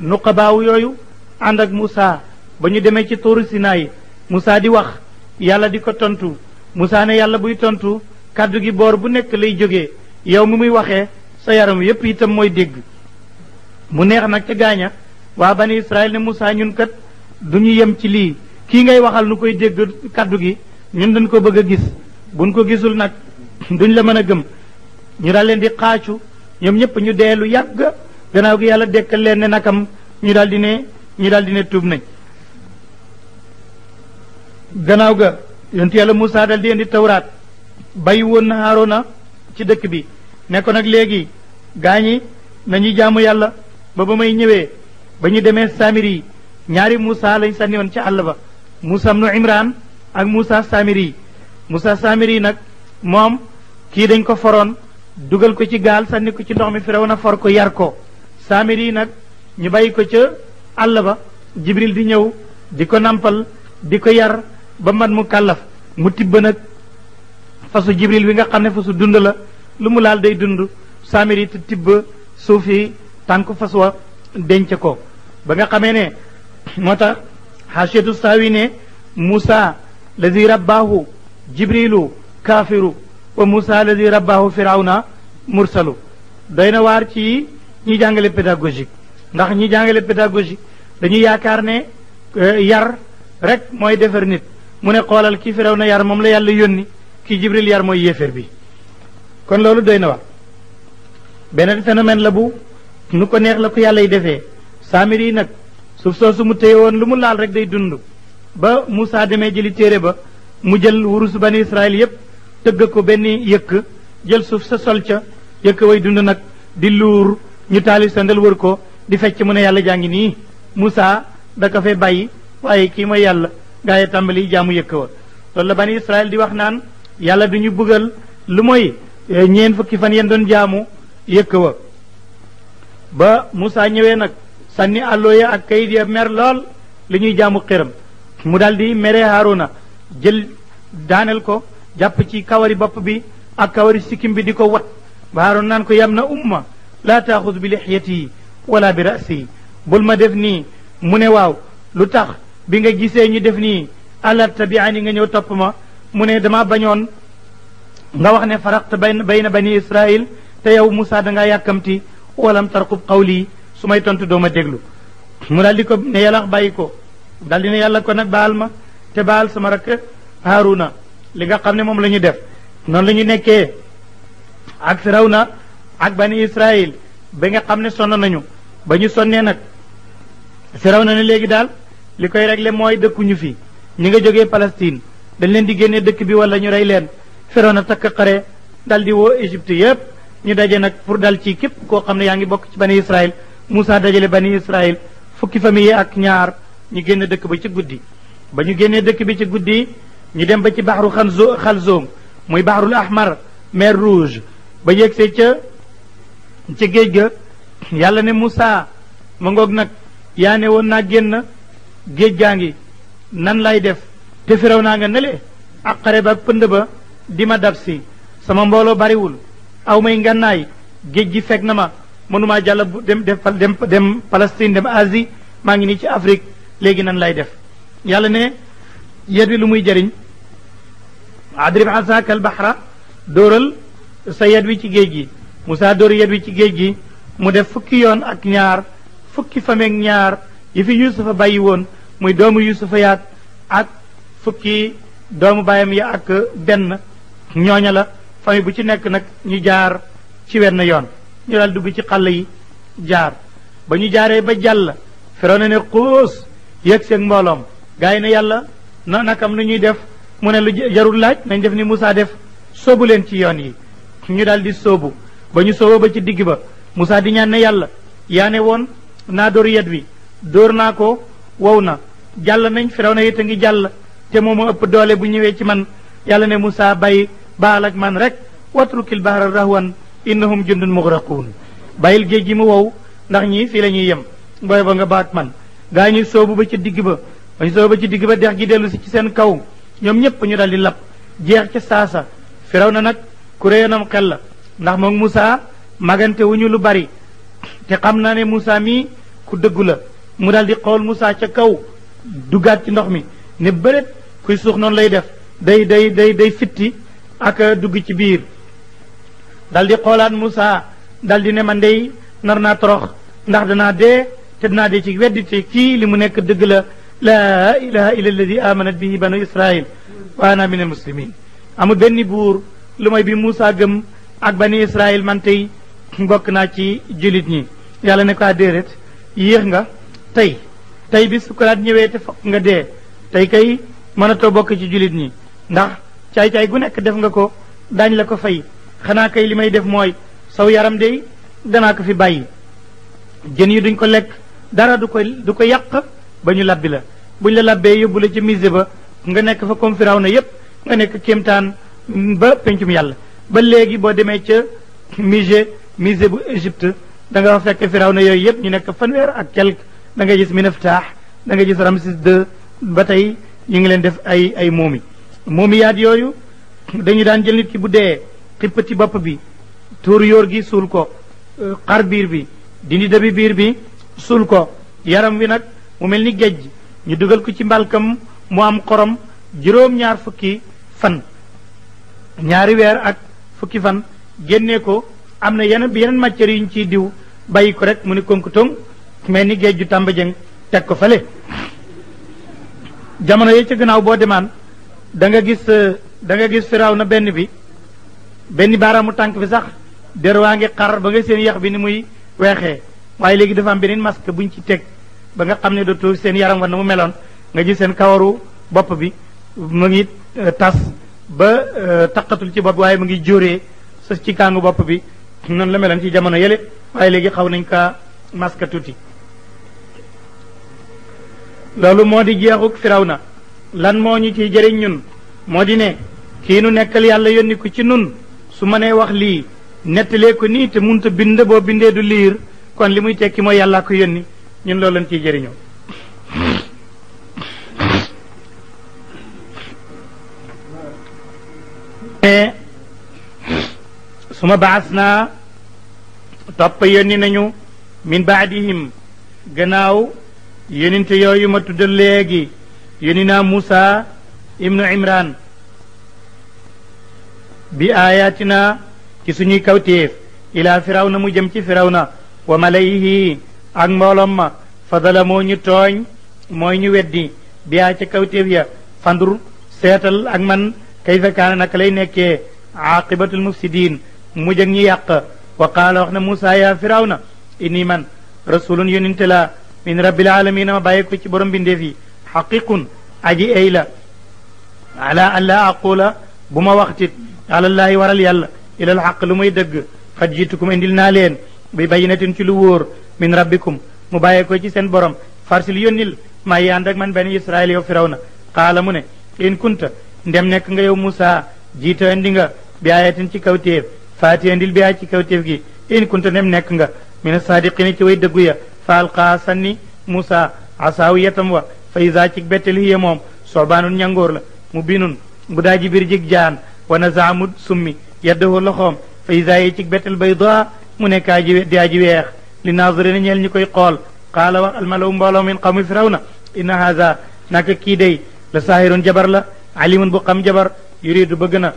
nuqabaawu yooyu ànd ak Moussa ba ñu demee ci tooru Sinaay Moussa di wax yàlla di ko tontu Moussa ne yàlla buy tontu kàddu gi boor bu nekk lay jógee yow mi muy waxe sa yaram yépp itam mooy dégg mu neex nag ca gaaña waa bani Israël ne Moussa ñun kat du ñu yem ci lii kii ngay waxal nu koy dégg kàddu gi ñun dañ ko bëgg a gis buñ ko gisul nag duñ la mën a gëm ñu dal leen di xaacu ñoom ñëpp ñu dee lu yàgg gannaaw gi yàlla dekkal leen ne nakam ñu daal ne ñi daal di ne nañ gannaaw ga yonti yàlla Moussa dal di indi tawraat bàyyi woon na Haaruna ci dëkk bi ne ko nag léegi gaañi nañu jàmm yàlla ba ba may ñëwee ba ñu demee samir yi ñaari Moussa lañ sànni ca àll ba Moussa ibnu Imran ak samir yi Samiri Moussa yi nag moom kii dañ ko foroon dugal ko ci gaal sànni ko ci ndox mi na for ko yar ko Samiri nag ñu bàyyi ko ca àll ba jibril di ñëw di ko nampal di ko yar ba man mu kàllaf mu tibb nag fasu jibril wi nga xam ne fasu dund la lu mu laal day dund saamir yi tibb suuf yi fas wa denc ko ba nga xamee ne moo tax xaasiyatu saawi ne Moussa lazi rabbaahu jibrilu kaafiru wa Moussa lazi rabbaahu firawna mursalu doy na waar ci ñi jàngale pédagogique ndax ñi jàngale pédagogie dañuy yaakaar ne euh, yar rek mooy defar nit mu ne xoolal ki firaw na yar moom la yàlla yónni ki jibril yar mooy yéeféer bi kon loolu doy na wax beneen phénomène la bu nu ko neex la ko yàlla yi defee saamir yi nag suuf su mu téye woon lu mu laal rek day dund ba Moussa demee jëli téere ba mu jël wurusu bani Israël yépp tëgg ko benn yëkk jël suuf sa sol ca yëkk way dund nag di luur ñu taali sandal wër ko di fecc mu ne yàlla jàngi nii Moussa da ko fee bàyyi waaye kii mooy yàlla gaa yi tàmbali jaamu yëkk wa loolu la bani Israël di wax naan yàlla du ñu bëggal lu mooy eh, ñeen fukki fan yeen doon jaamu yëkk wa ba musa ñëwee nag sànni àlloo ak kayit ya mer lool li ñuy jaamu xiram mu daal di mere Haaruna jël daaneel ko jàpp ci kawari bopp bi ak kawari sikkim bi di ko wat ba Haaruna naan ko yam na umma laa taaxud bi lixyati wala bi rasi bul ma def nii mu ne waaw lu tax bi nga gisee ñu def nii àllar tabiani nga ñëw topp ma mu ne dama bañoon nga wax ne faraqta bay na bani israil te yow Moussa da ngaa yàkkamti walam tarqub qawli su may tontu doo ma déglu mu daal di ko ne yàlla bàyyi ko daal di ne yàlla ko nag baal ma te baal sama rakk Haaruna li nga xam ne moom la ñu def noonu la nekkee ak Firawna ak bani Israil ba nga xam ne sonn nañu ba ñu sonnee nag firaw na ne léegi daal li koy réglé mooy dëkkuñu fi ñi nga jógee Palestine dañ leen di génnee dëkk bi wala ñu rey leen firaw na takk xare dal di woo Égypte yépp ñu daje nag pour dal ci képp koo xam ne yaa ngi bokk ci bani Israël Moussa dajale bani Israël fukki famille ak ñaar ñu génn dëkk ba ci guddi ba ñu génnee dëkk bi ci guddi ñu dem ba ci baxru xanzo xalzoom muy baxrul ahmar mer rouge ba yëgsee ca ci géej ga yàlla ne musaa ma ngoog nag yaa ne woon naa génn géej gaa ngi nan lay def te firaw naa nga nele ak xare ba pënd ba di ma dab si sama mbooloo bariwul aw may ngànnaay géej gi fekk na ma mënumaa jàll bu dem dem dem Palestine dem Asie maa ngi nii ci Afrique léegi nan lay def yàlla ne yet wi lu muy jariñ adrib asakal bahra dóoral sa yet wi ci géej gi Moussa dóor yet wi ci géej gi mu def fukki yoon ak ñaar fukki fameeg ñaar yi fi yusufa bàyyi woon muy doomu yusufa yaat ak fukki doomu baayam ya ak benn ñooña la famille bu ci nekk nag ñu jaar ci wenn yoon ñu daal dugg ci xàll yi jaar ba ñu jaaree ba jàll Firawna ne xuus yëg seeg mbooloom gars yi ne yàlla na nakam nu ñuy def mu ne lu jarul laaj nañ def ni Moussa def soobu leen ci yoon yi ñu daal soobu sóobu ba ñu sóobu ba ci digg ba musa di ñaan ne yàlla yaa ne woon naa dor yet wi dóor naa ko wow na jàll nañ firaw na yit ngi jàll te moo ma ëpp doole bu ñëwee ci man yàlla ne musa bàyyi baal ak man rek watrukil bahra rahwan innahum jundun mugraquun bayil géej gi mu wow ndax ñii fii la ñuy yem booy ba nga baat man gaa ñuy soobu ba ci digg ba bañ soobu ba ci digg ba dex gi dellu ci seen kaw ñoom ñëpp ñu dal di lap jeex ci saasa firaw na nag ku réyanam xel la ndax magante wu ñu lu bari te xam naa ne Moussa mii ku dëggu la mu daal di xool Moussa ca kaw duggaat ci ndox mi ne bëreet kuy suux noonu lay def day day day day fitti ak dugg ci biir daal di xoolaat Moussa daal di ne man dey nar naa torox ndax danaa dee te danaa dee ci weddi te kii li mu nekk dëgg la laa ilaha illa alladi amanat bihi banu israil wa ana min al muslimin amul benn buur lu may bi Moussa gëm ak bani israil man tey bokk naa ci jullit ñi yàlla ne kaa ah, déedéet yéex nga tey tey bi su sukkuraat ñëwee te fokk nga dee tey kay mënatoo bokk ci jullit ñi ndax caay-caay gu nekk def nga ko daañ la ko fay xanaa kay li may def mooy saw yaram de danaa ko fi bàyyi jën yi duñ ko lekk dara du ko du ko yàq ba ñu labbi la buñ la labbee yóbbu la ci musée ba nga nekk fa comme firaw na yépp nga nekk kéemtaan ba pencum yàlla ba léegi boo demee ca musée musée bu Égypte da nga fa fekk firaw na yooyu yëpp ñu nekk fanweer ak quelque da nga gis Mineftah da nga gis Ramsis II ba tey ñu ngi leen def ay ay moomi yaat yooyu dañu daan jël nit ki bu dee xipp ci bopp bi tuur yóor gi suul ko euh, xar biir bi dindi dabi biir bi suul ko yaram wi nag mu mel ni géej ñu dugal ko ci mbalkam mu am xorom juróom-ñaar fukki fan ñaari weer ak fukki fan génnee ko am na bi yenen matières yiñ ci diw bàyyi ko rek mu ni konkutoom mel ni géej ju ko fale jamono ye ya ci gannaaw bo demaan da nga gis euh, da nga gis firaw na benn bi benn baaraamu tank bi sax der waangi xar ba nga seen yax bi ni muy wexé waye legi dafa am benen masque buñ ci tek ba nga xamne do to seen yaram wa na mu nga gis seen kawaru bop bi mo ngi euh, tas ba euh, takatul ci bop waye mo ngi jore sa ci kangu bop bi noonu la meloon ci jamono yële waaye léegi xaw nañ kaa maska tuuti loolu moo di jeexuk na lan moo ñu ciy jëriñ ñun moo di ne kii nu nekkal yàlla yónni ko ci nun su ma nee wax lii nettalee ko nii te munta bind boo bindee du liir kon li muy tekki mooy yàllaa ko yónni ñun loolu lañ ciy jariñoo suma baas naa topp yónni nañu min baadihim gannaaw yóninte yooyu ma tuddal léegi yónni naa Muusa ibnu Imran bi aayaatina ci suñuy kawtéef ilaa firawna mu jëm ci firawna wa malayhi ak mbooloom fadala moo ñu tooñ mooy ñu weddi biyaa ca kawtéef ya fandur seetal ak man kayfa kaana naka lay nekkee aaqibatul mufsidin mu jëg ñu yàq wa qaala wax na Muusa yaa firawna inni man rasulun yonente la min rabbil alamina ma bàyyi ci borom bindeef yi xaqiqun aji ay la ala bu ma waxtit alallaahi waral yàlla ilal xaq lu muy dëgg xat jiitukum indil naa leen bi bayinatin ci lu wóor min rabbikum mu bàyyi ko ci seen borom farsil yónnil maa yi ànd ak man bani israil yow firawna qaala mu ne in kunta ndem nekk nga yow Muusa jiita indi nga bi ayatin ci kawtéef فاتي عند البيع كي إن كنت نم نكنا من الصادقين كي ويد دعويا فالقى سني موسى عساوية تموا فإذا كي بتله هي مام صعبان ينجورل مبينون بداجي بيرجيك جان وانا زامود سمي يده الله خام فإذا يجيك بتل بيضاء من كاجي دياجي ويخ لناظرين يل نكوي قال قال الملوم بالو من قوم فرعون إن هذا نك كيدي لساهر جبر لا علم بقم جبر يريد بغنا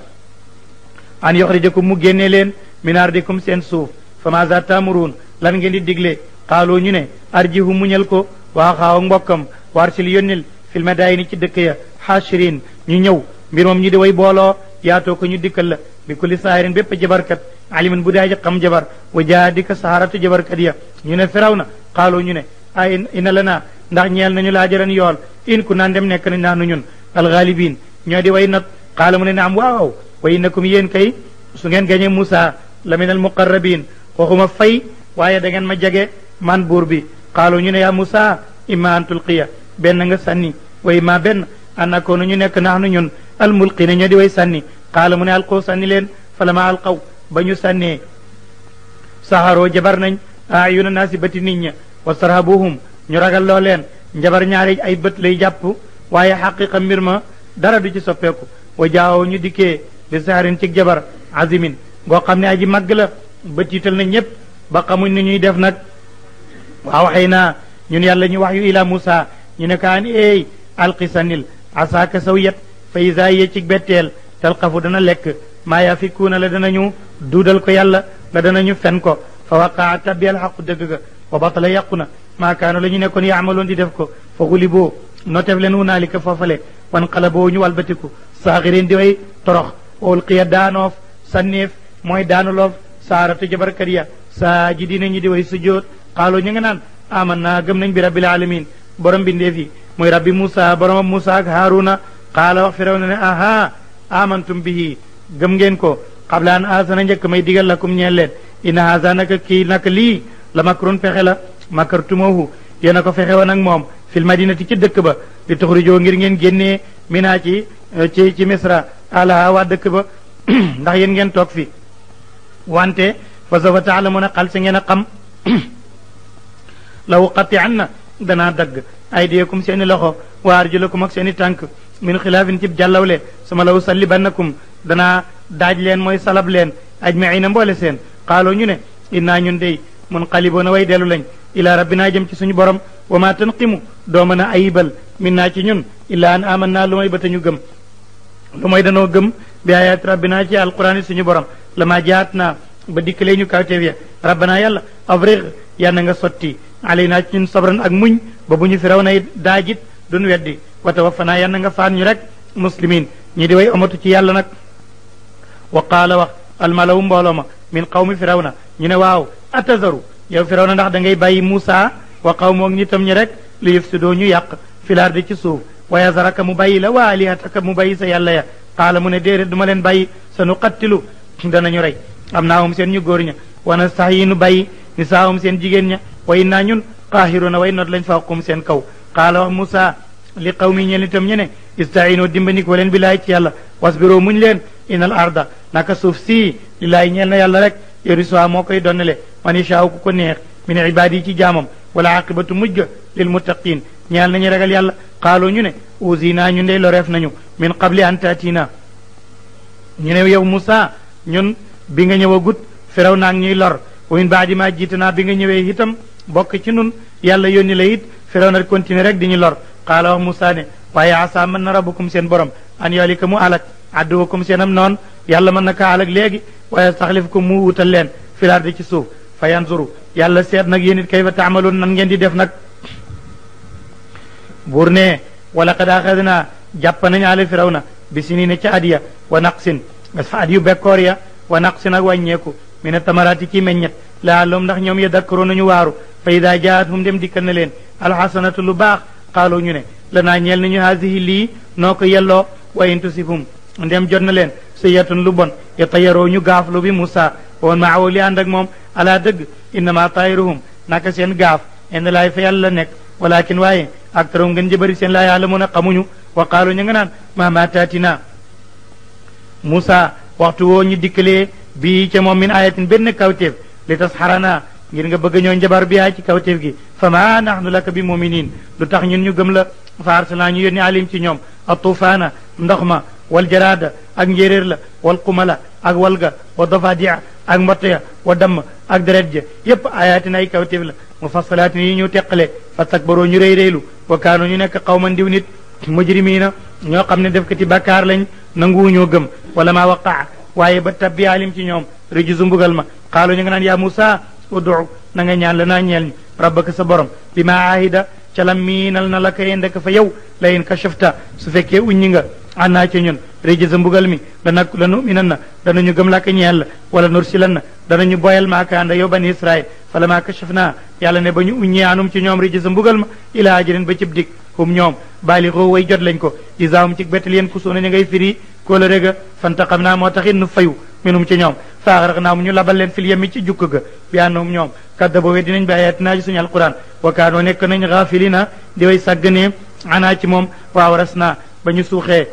an yoxrijakum mu génne leen di ardikum seen suuf famasa taamuruun lan ngeen di digle xaaloo ñu ne arjihu muñal ko waa xaaw mbokkam warsil yónnil filme daay ni ci dëkk ya xaashirin ñu ñëw mbir moom ñu di way booloo yaatoo ko ñu dikkal la bi kulli saahirin bépp jabarkat alimin bu daaji xam jabar wa jaa dika saharatu jabarkat ya ñu ne firaw na xaaloo ñu ne a ina la naa ndax ñeel nañu laajaran yool in ku naan dem nekk nañ naa nu ñun alxaalibin ñoo di way not xaala mu ne naam waaw wa innakum yéen kay su ngeen gañee Moussa la min al muqarrabin waxuma fay waaye da ma jege man buur bi xaalu ñu ne yaa Moussa imma an tulqiya benn nga sànni wa imma benn an akoonu ñu nekk nax nu ñun almulqina ñoo di way sànni xaala mu ne alqaw sànni leen al alqaw ba ñu sànnee saxaroo jabar nañ ayuna naasi bëti nit ña wa sarhabuhum ñu ragalloo leen njabar ñaari ay bët lay jàpp waaye xaqiqa mbir ma dara du ci soppeeku wa jaawoo bi saarin ci jabar azimin goo xam ne aji màgg la ba tiital na ñépp ba xamuñ ni ñuy def nag waaw xëy naa ñun yàlla ñu wax yu ila Moussa ñu ne kaan eey alqisanil asaaka saw yet fa isa ye ci betteel talqafu dana lekk maa yafikuuna la danañu duudal ko yàlla la danañu fen ko fa waqaa tabbi alxaqu dëgg ga wa batala yàqu na maa kaano la ñu nekkoon yaamaloon di def ko fa guliboo notef leen hunaalika foofale wan xalaboo ñu walbatiku saaxirin di way torox ulqiya daanoof sanniif mooy daanuloof jabar kariya sajidina ñi di way sujud xaaloo ñu nga aman naa nañ bi rabbil alamin borom bindeef yi moy rabbi musa, borom musa ak Haruna qala wa firawna aha amantum bihi gemgenko, ngeen ko qabla an azana njëkk may digal lakum ñeel leen inna haza naka kii naka lii la makrun pexe la ko fexe woon ak fil madinati ci dekk ba li ngir ngeen mina eh, ci ci misra alaha waa dëkk ba ndax yéen ngeen toog fi wante fa sawfa taalamuuna xal si ngeen a xam law na danaa dagg aydiyakum seen seeni loxo wa arjulakum ak seen i tànk min xilaafin cib jàllawle sama law sallibannakum danaa daaj leen mooy salab leen aj na mboole seen xaaloo ñu ne innaa ñun dey mun xaliboona way dellu lañ ilaa rabbinaa jëm ci suñu borom wa maa tanqimu doo mën a ayibal min naa ci ñun illaa an aman naa lu may ba te ñu gëm lu mooy danoo gëm bi ayaat rabbina ci alquran yi suñu borom lama jaat naa ba dikk dikkalee ñu kawteef ya rabbana yàlla afriq yal nga sotti alay naa ci ñun sabran ak muñ ba bu ñu firaw nay daajit duñ weddi wa fanaa yal na nga faat ñu rek muslimin ñi di way omatu ci yàlla nag wa qaala wax almalawu mbooloo ma min qawmi firawna ñu ne waaw atazaru yow firawna ndax da ngay bàyyi Muusa wa qawmoog ñi tam ñi rek li yëf doo ñu yàq filaar di ci suuf wa yasaraka mu bàyyi la wa alihataka mu bàyyi sa yàlla ya qaala mu ne déedéet du ma leen bàyyi sa nu qattilu danañu rey am naahum seen ñu góor ña wana sax yi nu bàyyi ni saahum seen jigéen ña way naa ñun qaahiruna way not lañ fawqum seen kaw qaala wax Musa li qawmi ñeen itam ñu ne istaino dimbandiku leen billaay ci yàlla wasbiro muñ leen inal arda naka suuf sii lillaay ñeel na yàlla rek yori soi moo koy donnale man yashaaw ko neex من عبادي تي جامم ولا عاقبة مجد للمتقين نيال نيال رغل يال قالوا نيو ني وزينا نيو ني لرف نيو من قبل أن تأتينا نيو نيو يو موسى نيو بيغا نيو وغوت فراو نيو لر وين بعد ما جيتنا بيغا نيو يهتم بوك تي نون يال يو ني ليت فراو نر نرك دي لر قالوا موسى ني بايا عصا من ربكم سين برم أن يوليكم ألك عدوكم سينم نون يال من نكا ألك ليغي ويستخلفكم مو وطلين في الأرض كسوف فينظروا yàlla seet nag yéen it kay taamaloon nan ngeen di def nag buur ne wala qad axadna jàpp nañ ala firawna bi si nii ne ca adiya wa naqsin fa at yu bekkoor ya wa naqsin ak wàññeeku mi ne tamaraati ci meññet laaloom ndax ñoom ya dakkaroo ñu waaru fa ida jaat hum dem dikkal na leen alxasanatu lu baax xaaloo ñu ne lanaa ñeel nañu haasihi lii noo ko yelloo wa in tusibhum ndem jot na leen siyatun lu bon yatayaroo ñu gaaflu bi Moussa woon ma aw li ànd ak moom alaa dëgg innama tayruhum naka seen gaaf indi laay fa yàlla nekk walakin waaye aktarum ngeen jëbëri seen laa yàlla mën a xamuñu wa qaalu ñu nga naan mama taatina Moussa waxtu woo ñu dikkalee bii ca moom min ayatin benn kawteef li tas xaranaa ngir nga bëgg ñoo njabar bi yaa ci kawteef gi fa ma nahnu laka bi muminin lu tax ñun ñu gëm la fa arsalnaa ñu yónni ci ñoom wal jaraada ak njéeréer la wal qumala ak walga wa dafadia ak mbott ya wa damm ak deret ja yépp ayaati na ay kawtéef la mufassalaati yi ñu teqale fastakbaroo ñu rëy rëylu wa kaano ñu nekk xawman diw nit mujrimiina ñoo xam ne def ko ci bàkkaar lañ nanguwu ñoo gëm wala maa waqaa waaye ba tabbi alim ci ñoom rijisu mbugal ma xaalu ñu nga naan yaa Musa ud'u na nga ñaan la naa ñeel ñu rabbaka sa borom bi maa aahida calam miinal na la ka yendek fa yow la in su fekkee uññi nga an naa ci ñun rijza mbugal mi dana lanu minan na danañu gëm laka ñeel la wala nursilan na danañu boyal maaka ànd yow bani israil fala maa kashafna yàlla ne ba ñu uññee anum ci ñoom rijza mbugal ma ilaa ba cib dig hum ñoom baali xoo way jot lañ ko isaahum ci bettal yéen ku ñu ngay firi kóola réga fantaqam naa moo taxit nu fayu minum ci ñoom faaxaraq naa mu ñu labal leen fil yemmi ci jukk ga bi annahum ñoom kadda boowee dinañ bi wa kaanoo nekk bañu suxé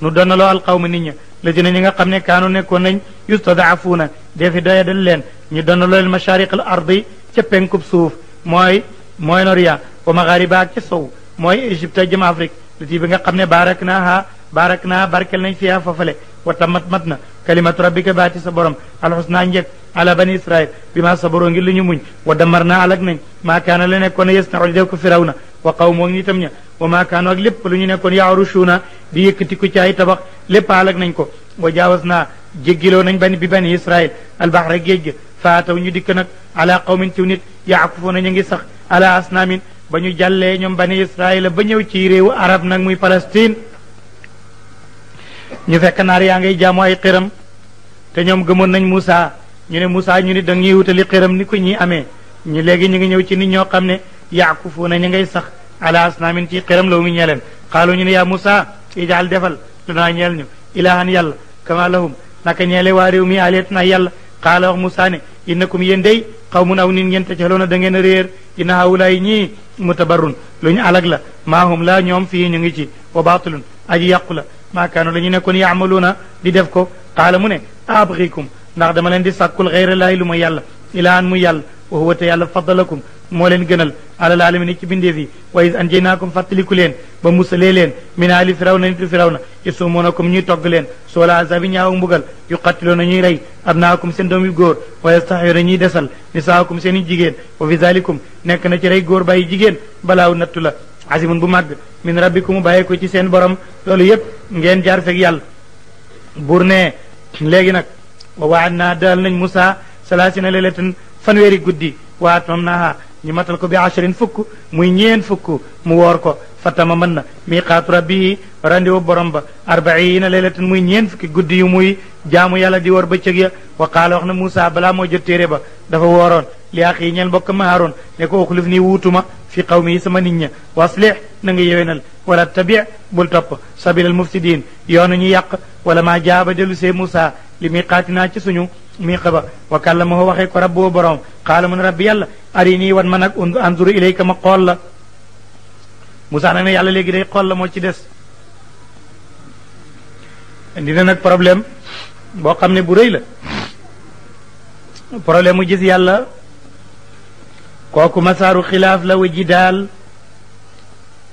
nu doon al alqawma nit ña lajina ñi nga xam ne kaanu nañ yustadafuna defi doya dal leen ñu doon al mashariq al ardi ci penkup suuf moy moy noria wa magariba ci sow moy égypte jëm afrique ti bi nga xamné baraknaha baarak barkel nañ fiha fafale wa tamat matna kalimatu rabbika baati sa al husna njek ala bani israil bima ma ngi ngir li ñu muñ wa damarna alak nañ ma kana la nekkon yasnaul def ko firaw wa qawmu ngi itam wa maa kaanu ak lépp lu ñu nekkoon yaarushuuna di yëkkatiku ci ay tabax lépp alak nañ ko wa jaawas naa jéggiloo nañ bani bi bani israil albahra géej ga faataw ñu dikk nag ala qawmin ciw nit yaakufuuna ñu ngi sax ala asnaamin ba ñu jàllee ñoom bani israil ba ñëw ci réew arab nag muy palestine ñu fekk naar yaa ngay jaamu ay xiram te ñoom gëmoon nañ Moussa ñu ne Moussa ñu ni da ñuy wutali xiram ni ko ñi amee ñu léegi ñu ngi ñëw ci nit ñoo xam ne yaakufuuna ñu ngay sax ala asnaamin ci xeram lawu mi ñeleen xaalu ñu ne yaa Moussa ijaal defal lanaa ñeel ñu ilahan yàlla kama lahum naka ñeele waa réew mi aliyatun ay yàlla xaala wax Moussa ne innakum yéen day xawmun aw nit ngeen tecaloona da ngeen a réer inna hawulaay ñii mutabarrun lu ñu alag la maahum laa ñoom fii ñu ngi ci wa baatilun aji yàqu la maakaano la ñu nekkoon yaamaluuna di def ko xaala mu ne abxikum ndax dama leen di sàkkul xeyra laay lu ma yàlla ilahan mu yàlla wa huwa te yàlla fadalakum moo leen gënal alal alamin ci bindeef yi wa is anjaynaakum fàttaliku leen ba musalee leen min aali firawna nitu firawna isumuunakum ñuy togg leen soola azabi ñaaw mbugal yu qattiloo na ñuy rey abnaakum seen doom yu góor wa yastaxyoona ñuy desal nisaakum seen i jigéen wa fi zalikum nekk na ci rey góor bàyyi jigéen balaaw nattu la azimun bu màgg min rabbikum bàyyi ko ci seen borom loolu yépp ngeen jaar fekk yàlla buur ne léegi nag wa waad naa dal nañ Musaa salaasina leelatan fanweeri guddi wa atmam ñu matal ko bi asharin fukk muy ñeen fukk mu woor ko fatama man na miqaatu rabbi randiwu borom ba arbaina leylatan muy ñeen fukki guddi yu muy jaamu yàlla di wor bëccëg ya wa qaala wax na Moussa balaa moo jot téere ba dafa wooroon li ak yi ñeen bokk ma Haaroon ne ko uxlif ni wutuma fi qawmi sama nit ña waslih na nga yewenal wala tabi bul topp sabilal mufsidin yoonu ñu yàq wala ma jaaba delu see Moussa li miqaatinaa ci suñu ميقبا وكلمه وخي قربو برام قال من ربي الله أريني ون منك أنظر إليك ما قال الله موسى نانا يالا لي غي قال مو سي ديس اندي نا نك بروبليم بو خامني بو ري لا بروبليم جيس يالا كوكو مسار خلاف لو جدال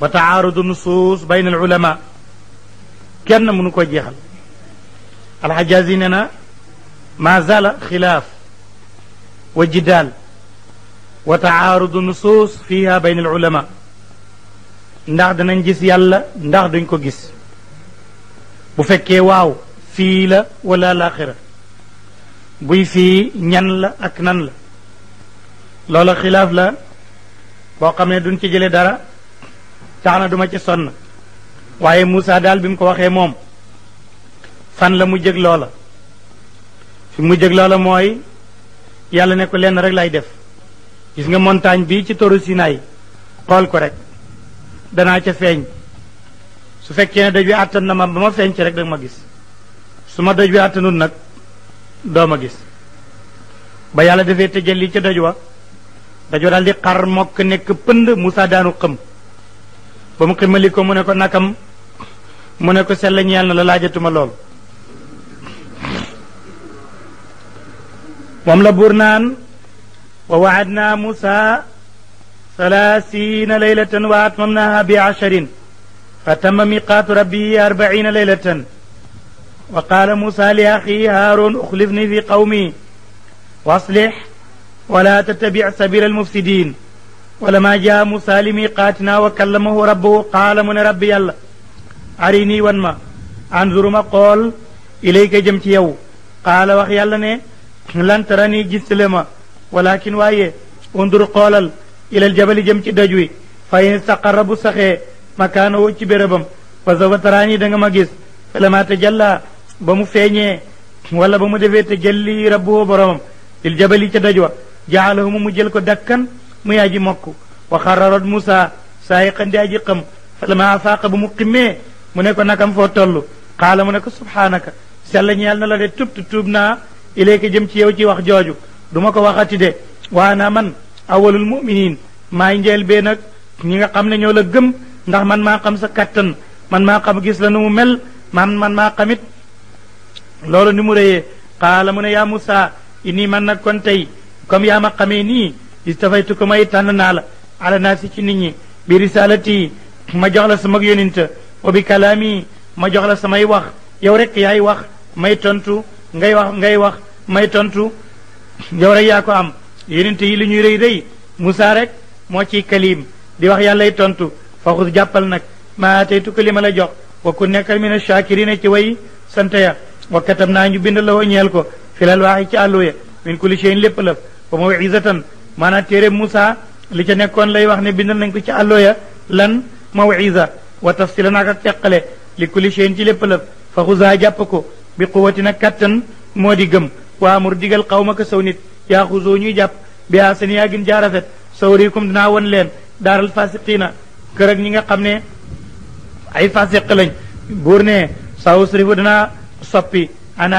وتعارض النصوص بين العلماء كان منو كو جيخال الحجازي نانا ما زال خلاف وجدال وتعارض nusuus fiha bayn al ulama ndax danañ gis yàlla ndax duñ ko gis bu fekkee waaw fii la wala laaxira buy fii ñan la ak nan la loola xilaaf la boo xam ne duñ ci jële dara tax na duma ci sonn waaye Moussa daal bi mu ko waxee moom fan la mu jëg loola fi mu jëg loola mooy yàlla ne ko lenn rek lay def gis nga montagne bi ci toru Sinaay xool ko rek danaa ca feeñ su fekkee ne doj wi àttan na ma ba ma feeñ ci rek da ma gis su ma doj wi àttanul nag doo a gis ba yàlla defee li ca doj wa doj wa daal di xar mokk nekk pënd musaa daanu xëm ba mu ximali ko mu ne ko nakam mu ne ko sell ñeel na la laajatuma lool موم لا ووعدنا موسى ثلاثين ليلة وأتممناها بعشر فتم ميقات ربي أربعين ليلة وقال موسى لأخي هارون أخلفني في قومي واصلح ولا تتبع سبيل المفسدين ولما جاء موسى لميقاتنا وكلمه ربه قال من ربي الله أريني وانما أنظر ما قول إليك جمت يو قال وخي الله lan tarani gisle ma walakin waaye undur xoolal ilal jabali jëm ci daj wi fa in saqara bu saxee makaana woo ci bérébam fa sawfa tarani da nga ma gis falama tajalla ba mu feeñee wala ba mu defee tajalli rabbuhu boromam lil jabali ca daj wa jaalahu mu jël ko dakkan mu yaaji mokk wa xararat musa saa yi xandi aji xam falama afaaqa ba mu ximmee mu ne ko nakam foo toll qaala mu ne ko subhaanaka sell ñeel na la de tubtu tuub naa ilayka jëm ci yow ci wax jooju duma ko waxati de waana man awalul muminin maay njeel bee nag ñi nga xam ne ñoo la gëm ndax man maa xam sa kattan man maa xam gis la nu mu mel man man maa xamit loolu ni mu rëyee xaala mu ne yaa Musa inni man nag kon tey comme yaa ma xamee nii istafaytu ko may tànn naa la ala naa si ci nit ñi bi risalati ma jox la sama yóninta wa bi kalaami ma jox la samay wax yow rek yaay wax may tontu ngay wax ngay wax may tontu yow yaa ko am yonent yi li ñuy rëy rëy Moussa rek moo ciy kalim di wax yàllay tontu faxus jàppal nag maa tey tukka li ma la jox wa ku nekkal mina shakirina ci way sant ya wa katab naa ñu bind la woo ñeel ko filal waaxi ci àlluya min kulli shay'in lépp la wa mawizatan maanaam téere Moussa li ca nekkoon lay wax ne bindal nañ ko ci àlluya lan mawiza wa tafsilan ak teqale li kulli shay'in ci lépp la faxusaa jàpp ko bi quwati katan modi gem wa amur digal qawma ka ko saw nit yaa xusoo ñuy japp bi asan ya gin jarafet sawrikum dina won len daral fasiqina kër ñi nga xamne ay fasiq lañ buur ne sa usrifu dinaa soppi an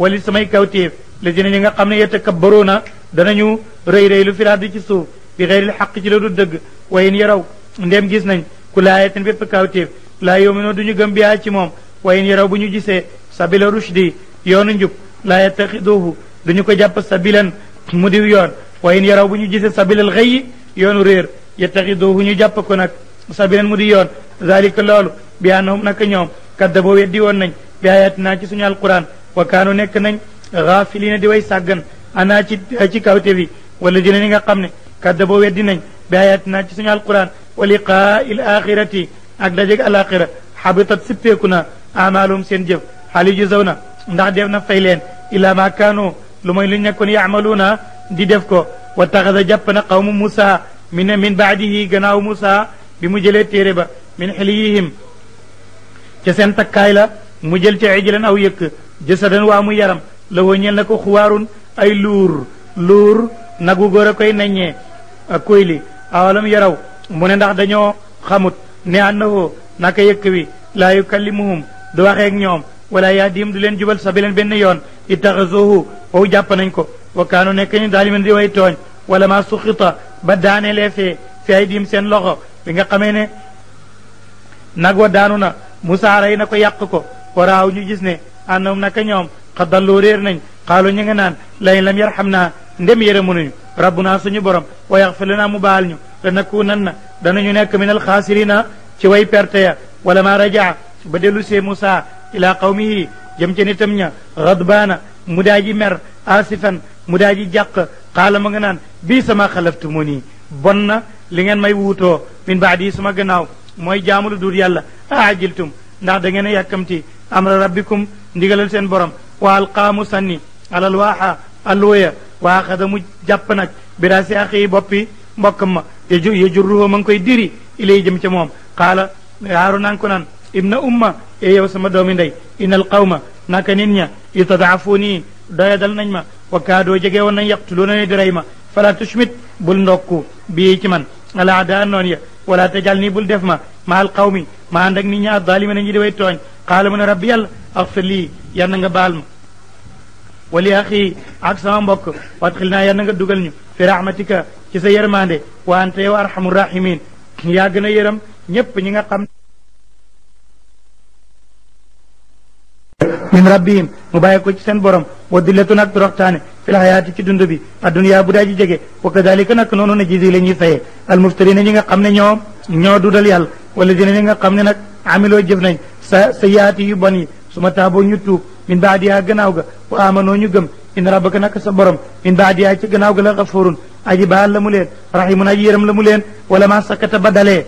wali samay kawtif le lazina ñi nga xam ne yatakabbaruuna danañu reey reey lu firad ci suuf bi xeyril haqq ci la du dëgg wayen yaraw ndem gis nañ ku laayatin bépp kawtéef laa yominoo duñu gëm biyaa ci mom wayen yaraw bu ñu gisee sabila rushdi yoonu njub laa yattaxiduhu duñu ko jàpp sabilan mu diw yoon waaye in yaraw bu ñu gisee sabilal xëyi yoonu réer yattaxiduhu ñu jàpp ko nag sabilan mu di yoon zalika loolu bi annahum naka ñoom kadda boo weddi woon nañ bi ayatina ci suñu alquran wa kaanu nekk nañ gaafilina di way sàggan ana ci ci kawte bi wala dina ñi nga xam ne kadda boo weddi nañ bi ayatina ci suñu alquran wa liqaa il axirati ak dajeg alaxira xabitat sippeeku na amaalum seen jëf alijizawna ndax def na fay leen ila ma kaanu lu moy lu nekkoon yacmaluuna di def ko wa taxada jàpp na qawmu muusa min min baadihi gannaaw muusa bi mu jëlee téere ba min xiliyihim ca seen takkaay la mu jël ca ijlan aw yëkk jësadan waa mu yaram la woo ñeel na ko ay luur luur nagu góor a koy naññee kuy li awalam yaraw mu ne ndax dañoo xamut ne annahoo naka yëkk wi laa yukallimuhum du waxeek ñoom ولا يهديهم دلين جبل سبيلا بين يون اتخذوه هو جاب نينكو وكانوا نكني ظالمين دي ويتون ولا ما سخط بدان لفي في ايديهم سن لوغو بيغا قمينه نغو دانونا موسى علينا كو يقكو وراو ني جيسني انهم نك نيوم قدلوا رير نين قالوا نيغي نان لا لم يرحمنا ندم يرمونو ربنا سني بروم ويغفر لنا مبالني لنكونن دانو ني نك من الخاسرين تي واي بيرتيا ولا ما رجع بدلو سي موسى ilaa qawmihi jëm ca nitam ña radbaana mu daa ji mer asifan mu daa ji jàq xaala ma nga naan bii sama xalaftu mu nii bon na li ngeen may wuutoo min baadi sama gannaaw mooy jaamulu duut yàlla aajiltum ndax da ngeen a yàkkamti amra rabbikum ndigalal seen borom wa alqaamu sanni alal waaxa alluya waa xada mu jàpp nag bira si axi boppi mbokkam ma yajurruhu ma ngi koy diri ilay jëm ca moom xaala haaru naan ko naan ابن أمة إيه وسما دومين داي إن القوم ناكنينيا يتضعفوني دايا دل نجمة وكادو جيجي ونن يقتلوني درايما فلا تشمت بل نوكو بيكمن على عدان نونيا ولا تجعلني بل دفما مع القومي ما عندك نينيا الظالمين نجي دوي توان قال من ربي يل أغفر لي يننغ بالم ولي أخي عكس ما بك وادخلنا يننغ دوغلني في رحمتك كي وانت يو أرحم الراحمين يا غنا يرم ñepp min rabbihim mu bàyyi ko ci seen borom wa dillatun ak toroxtaane fil hayaati ci dund bi adduniyaa bu daa ji jege wa kadalika nag noonu na jisi la ñuy fayee almuftarina ñi nga xam ne ñoo ñoo dudal yàlla wala dina ñi nga xam ne nag amiloo jëf nañ sa sa yaati yu bon yi su ma taaboo ñu tuub min baadiyaa gannaaw ga wa amanoo ñu gëm in rabbaka nag sa borom min baadiyaa ci gannaaw ga la xafoorun aji baal la mu leen rahimun aji yërëm la mu leen wala ma sakata ba dalee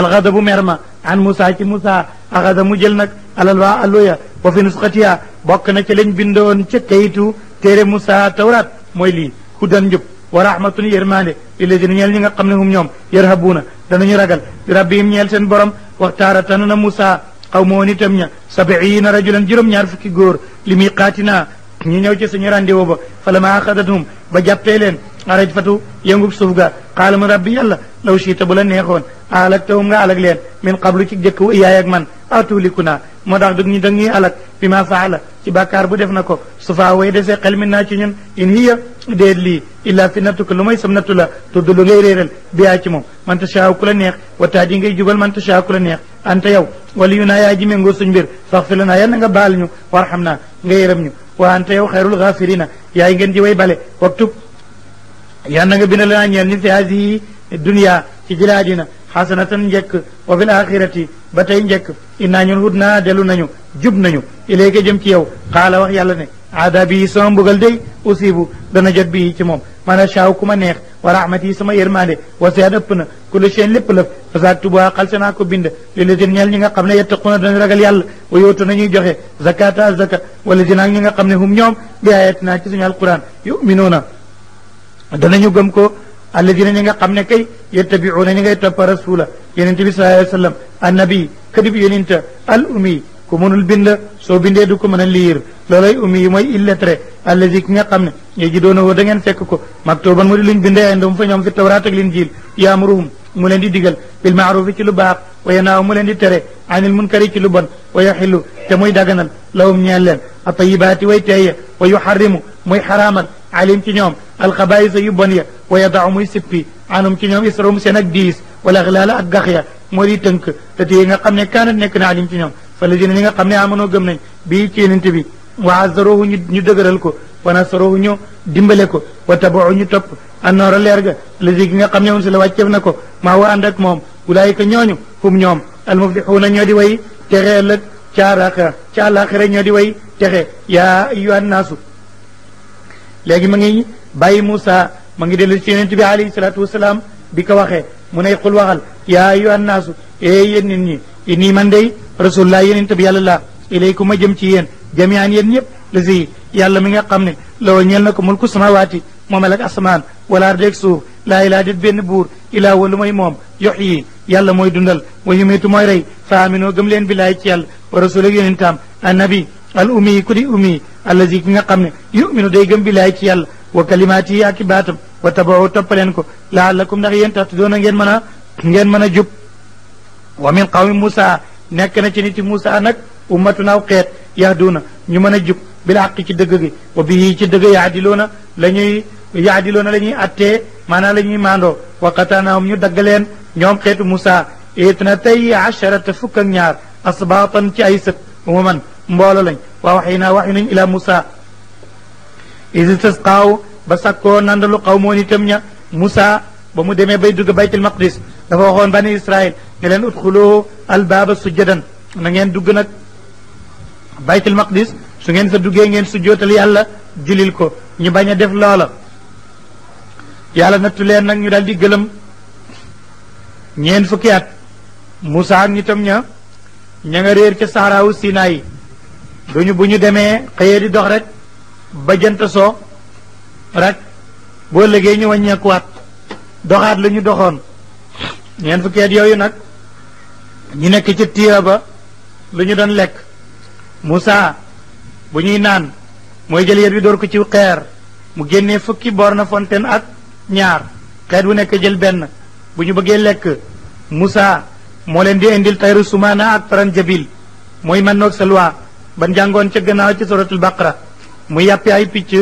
الغضب مرما عن موسى ci Moussa axada mu jël nag alal waa alluya wa fi nusqatiha bokk na ci lañ bindoon ca kayitu téere Moussa tawraat mooy lii hudan njub wa rahmatun yërmande illazina ñeel ñi nga xam ne hum ñoom yarhabuuna danañu ragal bi rabbihim ñeel seen borom waxtaara tànn na Moussa xaw ma woon itam ña sabiina rajulan juróom-ñaar fukki góor li muy qaatinaa ñu ñëw ci suñu rendez-vous ba fa lama axadathum ba jàppee leen arajfatu yëngub suuf ga qaala mu rabbi yàlla law siita bu la neexoon alak tawum nga alak leen min qablu ci jëkk wa iyaay ak man naa moo tax dug ñu dag ñuy alak bi ma faala ci bàkkaar bu def na ko su faa way desee xel min naa ci ñun in hiya déet lii illaa fitnatuka lu may la tudd lu ngay réeral biyaa ci moom man tashaaw ku la neex wa taa ji ngay man tashaaw ku la neex anta yow wala yu naa yaa ji méngoo suñ mbir sax fi la naa yàlla nga baal ñu warxam naa nga yërëm ñu wa anta yow xayrul gaafirina yaay ngeen ji way bale waktub yàlla nga bindal naa ñeel ñu fi hadihi fi dunya ci jilaadina xasanatan njëkk wa fil axirati ba tey njëkk innaa ñun hud naa dellu nañu jub nañu ilayka jëm ci yow xaala wax yàlla ne aadabi yi sama mbugal day usibu dana jot bi ci moom maana shaaw ku ma neex wa rahmati yi sama yërmande wa seet ëpp na ku la seen lépp lëf fasaktubuha xalse naa ko bind lillatin ñeel ñi nga xam ne yettaquna dañu ragal yàlla wa yowtu nañuy joxe zakata zaka wala dinaag ñi nga xam ne hum ñoom bi ayatina ci suñu الذين نيغا خامني كاي يتبعون نيغا يتبع رسول يعني الله ينتبي صلى الله عليه وسلم النبي كدب ينت الامي كومون البند سو بند دوكو من لير لولاي امي ماي الا تر الذي كيغا خامني يجي دونا و داغن فككو مكتوبا مود لين بند اندوم فنيوم في التوراه اك الانجيل يامرهم مولين دي ديغال بالمعروف تي لباق ويناو مولين دي تري عن المنكر تي لبن ويحل تموي داغنال لهم نيالن الطيبات ويتاي ويحرم موي حراما عليهم ci ñoom alxabaïsa yu bon ya wa yadau muy sippi anum ci ñoom isrom seen ak diis wala axlaala ak gax ya moo di tënk te yi nga xam ne kaanat nekk na alim ci ñoom fa la ñi nga xam ne amanoo gëm nañ bii ci yenente bi wa azzaruhu ñu ñu dëgëral ko wa nasaruhu ñu dimbale ko wa tabaau ñu topp annoora leer ga lazi gi nga xam ne moom si la wàcceef na ko maa wa ànd ak moom ulaayika ñooñu hum ñoom almuflixuuna ñoo di way texe ëllëg ca àlaxira ca àlaxira ñoo di way texe yaa ayuha annaasu léegi ma ngi bàyyi Moussa ma ngi dellu ci yonent bi alayhi salaatu wasalaam bi ko waxee mu ne xul waxal yaa ayyuhan naasu ee yéen nit ñi inni man day rasulullah yonent bi yàlla laa ilaykum ma jëm ci yéen jamiaan yéen ñëpp la si yàlla mi nga xam ne loo ñeel na ko mulku samawaati moomel ak asamaan wala ardeeg suuf laa ilaa det benn buur ilaa walu may moom yox yi yàlla mooy dundal wa yumiitu mooy rey fa aminoo gëm leen bi laay ci yàlla wa rasul ak yonentam annabi al ummi ku di ummi allazi ki nga xam ne yuminu day gëm billaay ci yàlla wa kalimaati yi ak i baatam wa tabahu toppaleen ko laallakum ndax yéen tax doon a ngeen mën a ngeen mën a jub wa min qawmi Moussa nekk na ci niti Moussa nag ummatun aw xeet yahduuna ñu mën a jub bil haqq ci dëgg gi wa bihi ci dëgg yaadiloona la ñuy yaadiloona la ñuy attee maanaam la ñuy maandoo wa qatanaahum ñu daggaleen ñoom xeetu Moussa itna tey acharata fukk ak ñaar asbaatan ci ay sët umuman mboolo lañ waa waxyi naa waxyu nañ ilaa Musa istisqaaw ba sakkoo nandalu xaw moo nitam ña Musa ba mu demee bay dugg baytul maqdis dafa waxoon bani Israil ne leen udxuloo albaaba sujjadan na ngeen dugg nag baytul maqdis su ngeen sa duggee ngeen sujjootal yàlla julil ko ñu bañ a def loola yàlla na leen nag ñu daal di gëlëm ñeen fukki at Musa ak nitam ña ña nga réer ca saaraawu Sinaay duñu bu ñu demee xëyee di dox rek ba jënt soo rek boo lëgee ñu wàññeekuwaat doxaat lu ñu doxoon ñeent fukki at yooyu nag ñu nekk ci tiira ba lu ñu doon lekk Moussa bu ñuy naan mooy jël yet bi door ko ci xeer mu génnee fukki bor na ak ñaar xeet bu nekk jël benn bu ñu bëggee lekk musaa moo leen di indil tayru sumaana ak jabil mooy man noog salwa ban jàngoon ca gannaaw ci suratul baqara mu yàpp ay picc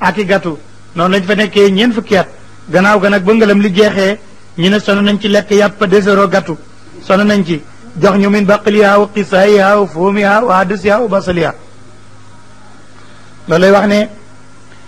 ak i gàttu noonu lañ fa nekkee ñeent fukki at gannaaw ga nag ba ngëlam li jeexee ñu ne sonn nañ ci lekk yàpp deseero gàttu sonn nañ ci jox ñu min baqliha wa qisaayiha wa foomiha wa hadasiha wa basaliha loolu lay wax ne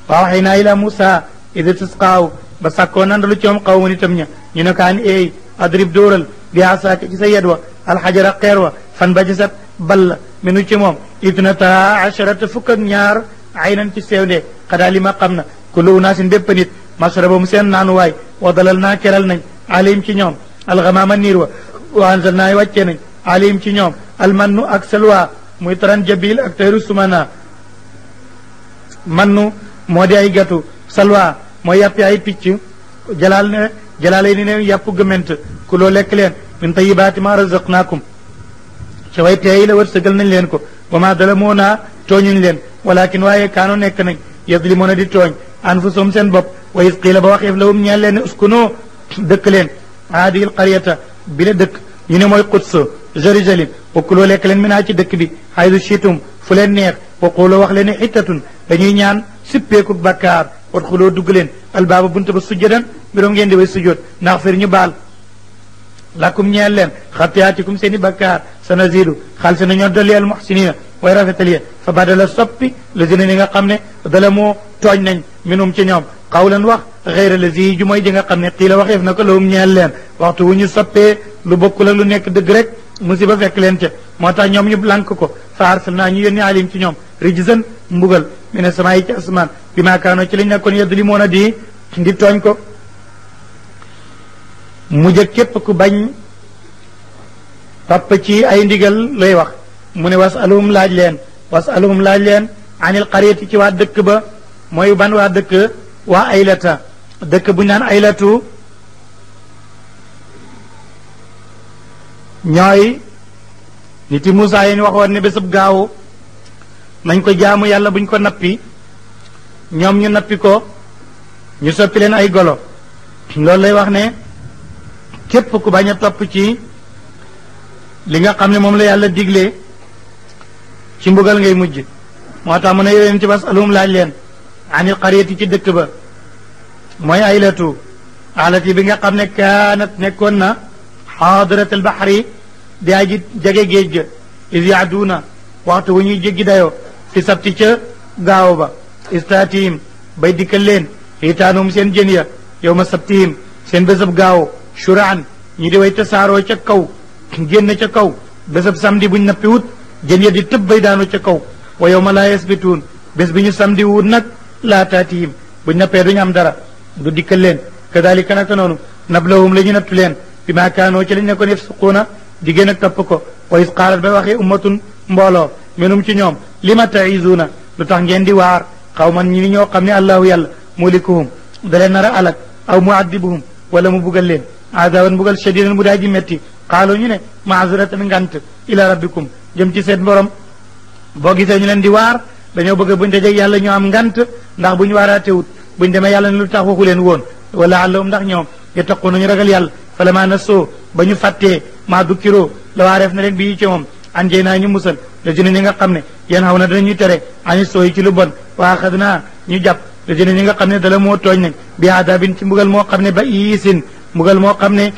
wa waxaynaa ila Muusa id istasqaahu ba sàkkoo nandalu ci moom qawmun itam ña ñu ne ko an eey adrib dóoral bi asaaka ci sa yed wa alxajara xeer wa fan bajasat ball minu ci moom itnata asharata fukk ak ñaar aynan ci sewnde xadaa li ma xam na kullu unaasin bépp nit masrabahum seen naanuwaay wa dalal naa keral nañ alayhim ci ñoom alxamaama niir wa wa anzal naa wàccee ci ñoom almannu ak salwa muy taran jabil ak tayru sumana mannu moo ay gatu salwa mooy yàppi ay picc na ne jalaale ni ne yàpp gëment ku lekk leen min tayibaati ma razaqnaakum ca way teey la wërsëgal nañ leen ko wa ma zalamuuna tooñuñ leen walakin waaye kaano nekk nañ yazlimuna di tooñ anfusahum seen bopp wa is qiila ba waxeef lahum ñeel leen uskunoo dëkk leen haadihi alqaryata bi la dëkk ñu ne mooy Quds Jérusalem wa kuloo lekk leen minhaa ci dëkk bi haysu shi'tum fu leen neex wa quuloo wax leen xittatun dañuy ñaan bakaar bakkaar udxuluu dugg leen albaaba bunta ba sujjadan mbiroom ngeen di way sujjoot ndax fir ñu baal lakum ñeel leen xatiyaatikum seen i bakkaar سنزيد خالص نيو دلي المحسنين واي رافتالي فبدل الصبي لذين نيغا خامني ظلمو توج نن منوم تي نيوم قولا واخ غير الذي جمعي ديغا خامني قيل واخيف نكو لوم نيال لين وقت وني صبي لو بوكلا لو نيك دغ رك مصيبه فك لين تي موتا نيوم ني بلانك كو فارسلنا ني يوني عليم تي نيوم رجزن مبغل من السماء الى السماء بما كانوا تي لي نكون يدلمون دي دي توج كو مو جيب كيب كو باغني top ci ay ndigal lay wax mu ne alum laaj leen laaj leen anil xariyati ci wa dekk ba moy ban wa dekk waa aylata dekk bu ñaan aylatu ñay niti musa yi ñu waxoon ne besub gaawu nañ ko jaamu yalla buñ ko nappi ñom ñu nappi ko ñu soppi leen ay golo lool lay wax ne képp ku baña top ci li nga xam ne moom la yàlla diglee ci mbugal ngay mujj moo tax mu ne yéen ci bas alum laaj leen anil xariyati ci dëkk ba mooy aylatu alati bi nga xam ne kaanat nekkoon na xaadiratal baxri di aji jege géej ga is yaaduuna waxtu wu ñuy jéggi dayoo fi sabti ca gaaw ba istaatihim bay dikkal leen xiitaanum seen jën ya yow ma sabtihim seen bésab gaaw shuraan ñi di way tasaaroo ca kaw génn ca kaw bésab samedi buñ nappi wut jën ya di tëbbay daanu ca kaw wa yow ma laa yasbituun bes bi ñu samedi wut nag laa taatihim buñ nappee duñu am dara du dikkal leen kadalika naka noonu nablawum la ñu nattu leen bi maa kaanoo ci lañ ne ko yafsuquuna di gën a ko wa is qaalat ba waxee ummatun mbooloo menum ci ñoom li ma taisuuna lu tax ngeen di waar xaw man ñi ñoo xam ne allahu yàlla mulikuhum da leen nar a alak aw mu addibuhum wala mu bugal leen adaban bugal shadidan bu daa ji xaalu ñu ne maazuratan ngant ila rabbikum jëm ci seen borom boo gisee ñu leen di waar dañoo bëgg buñ dajeg yàlla ñu am ngant ndax bu ñu waaraatewut buñ demee yàlla ne lu tax waxu leen woon wala allahum ndax ñoom yattaqu nañu ragal yàlla fala na soo ba ñu fàttee maa dukkiroo la waareef na leen bi ci moom an jey naa ñu musal la jëne ñi nga xam ne yéen xaw na danañuy tere ani sooyi ci lu bon waa xad naa ñu jàpp la jëne ñi nga xam ne dala moo tooñ ne bi aadaabin ci mbugal moo xam ne ba iisin mbugal moo xam ne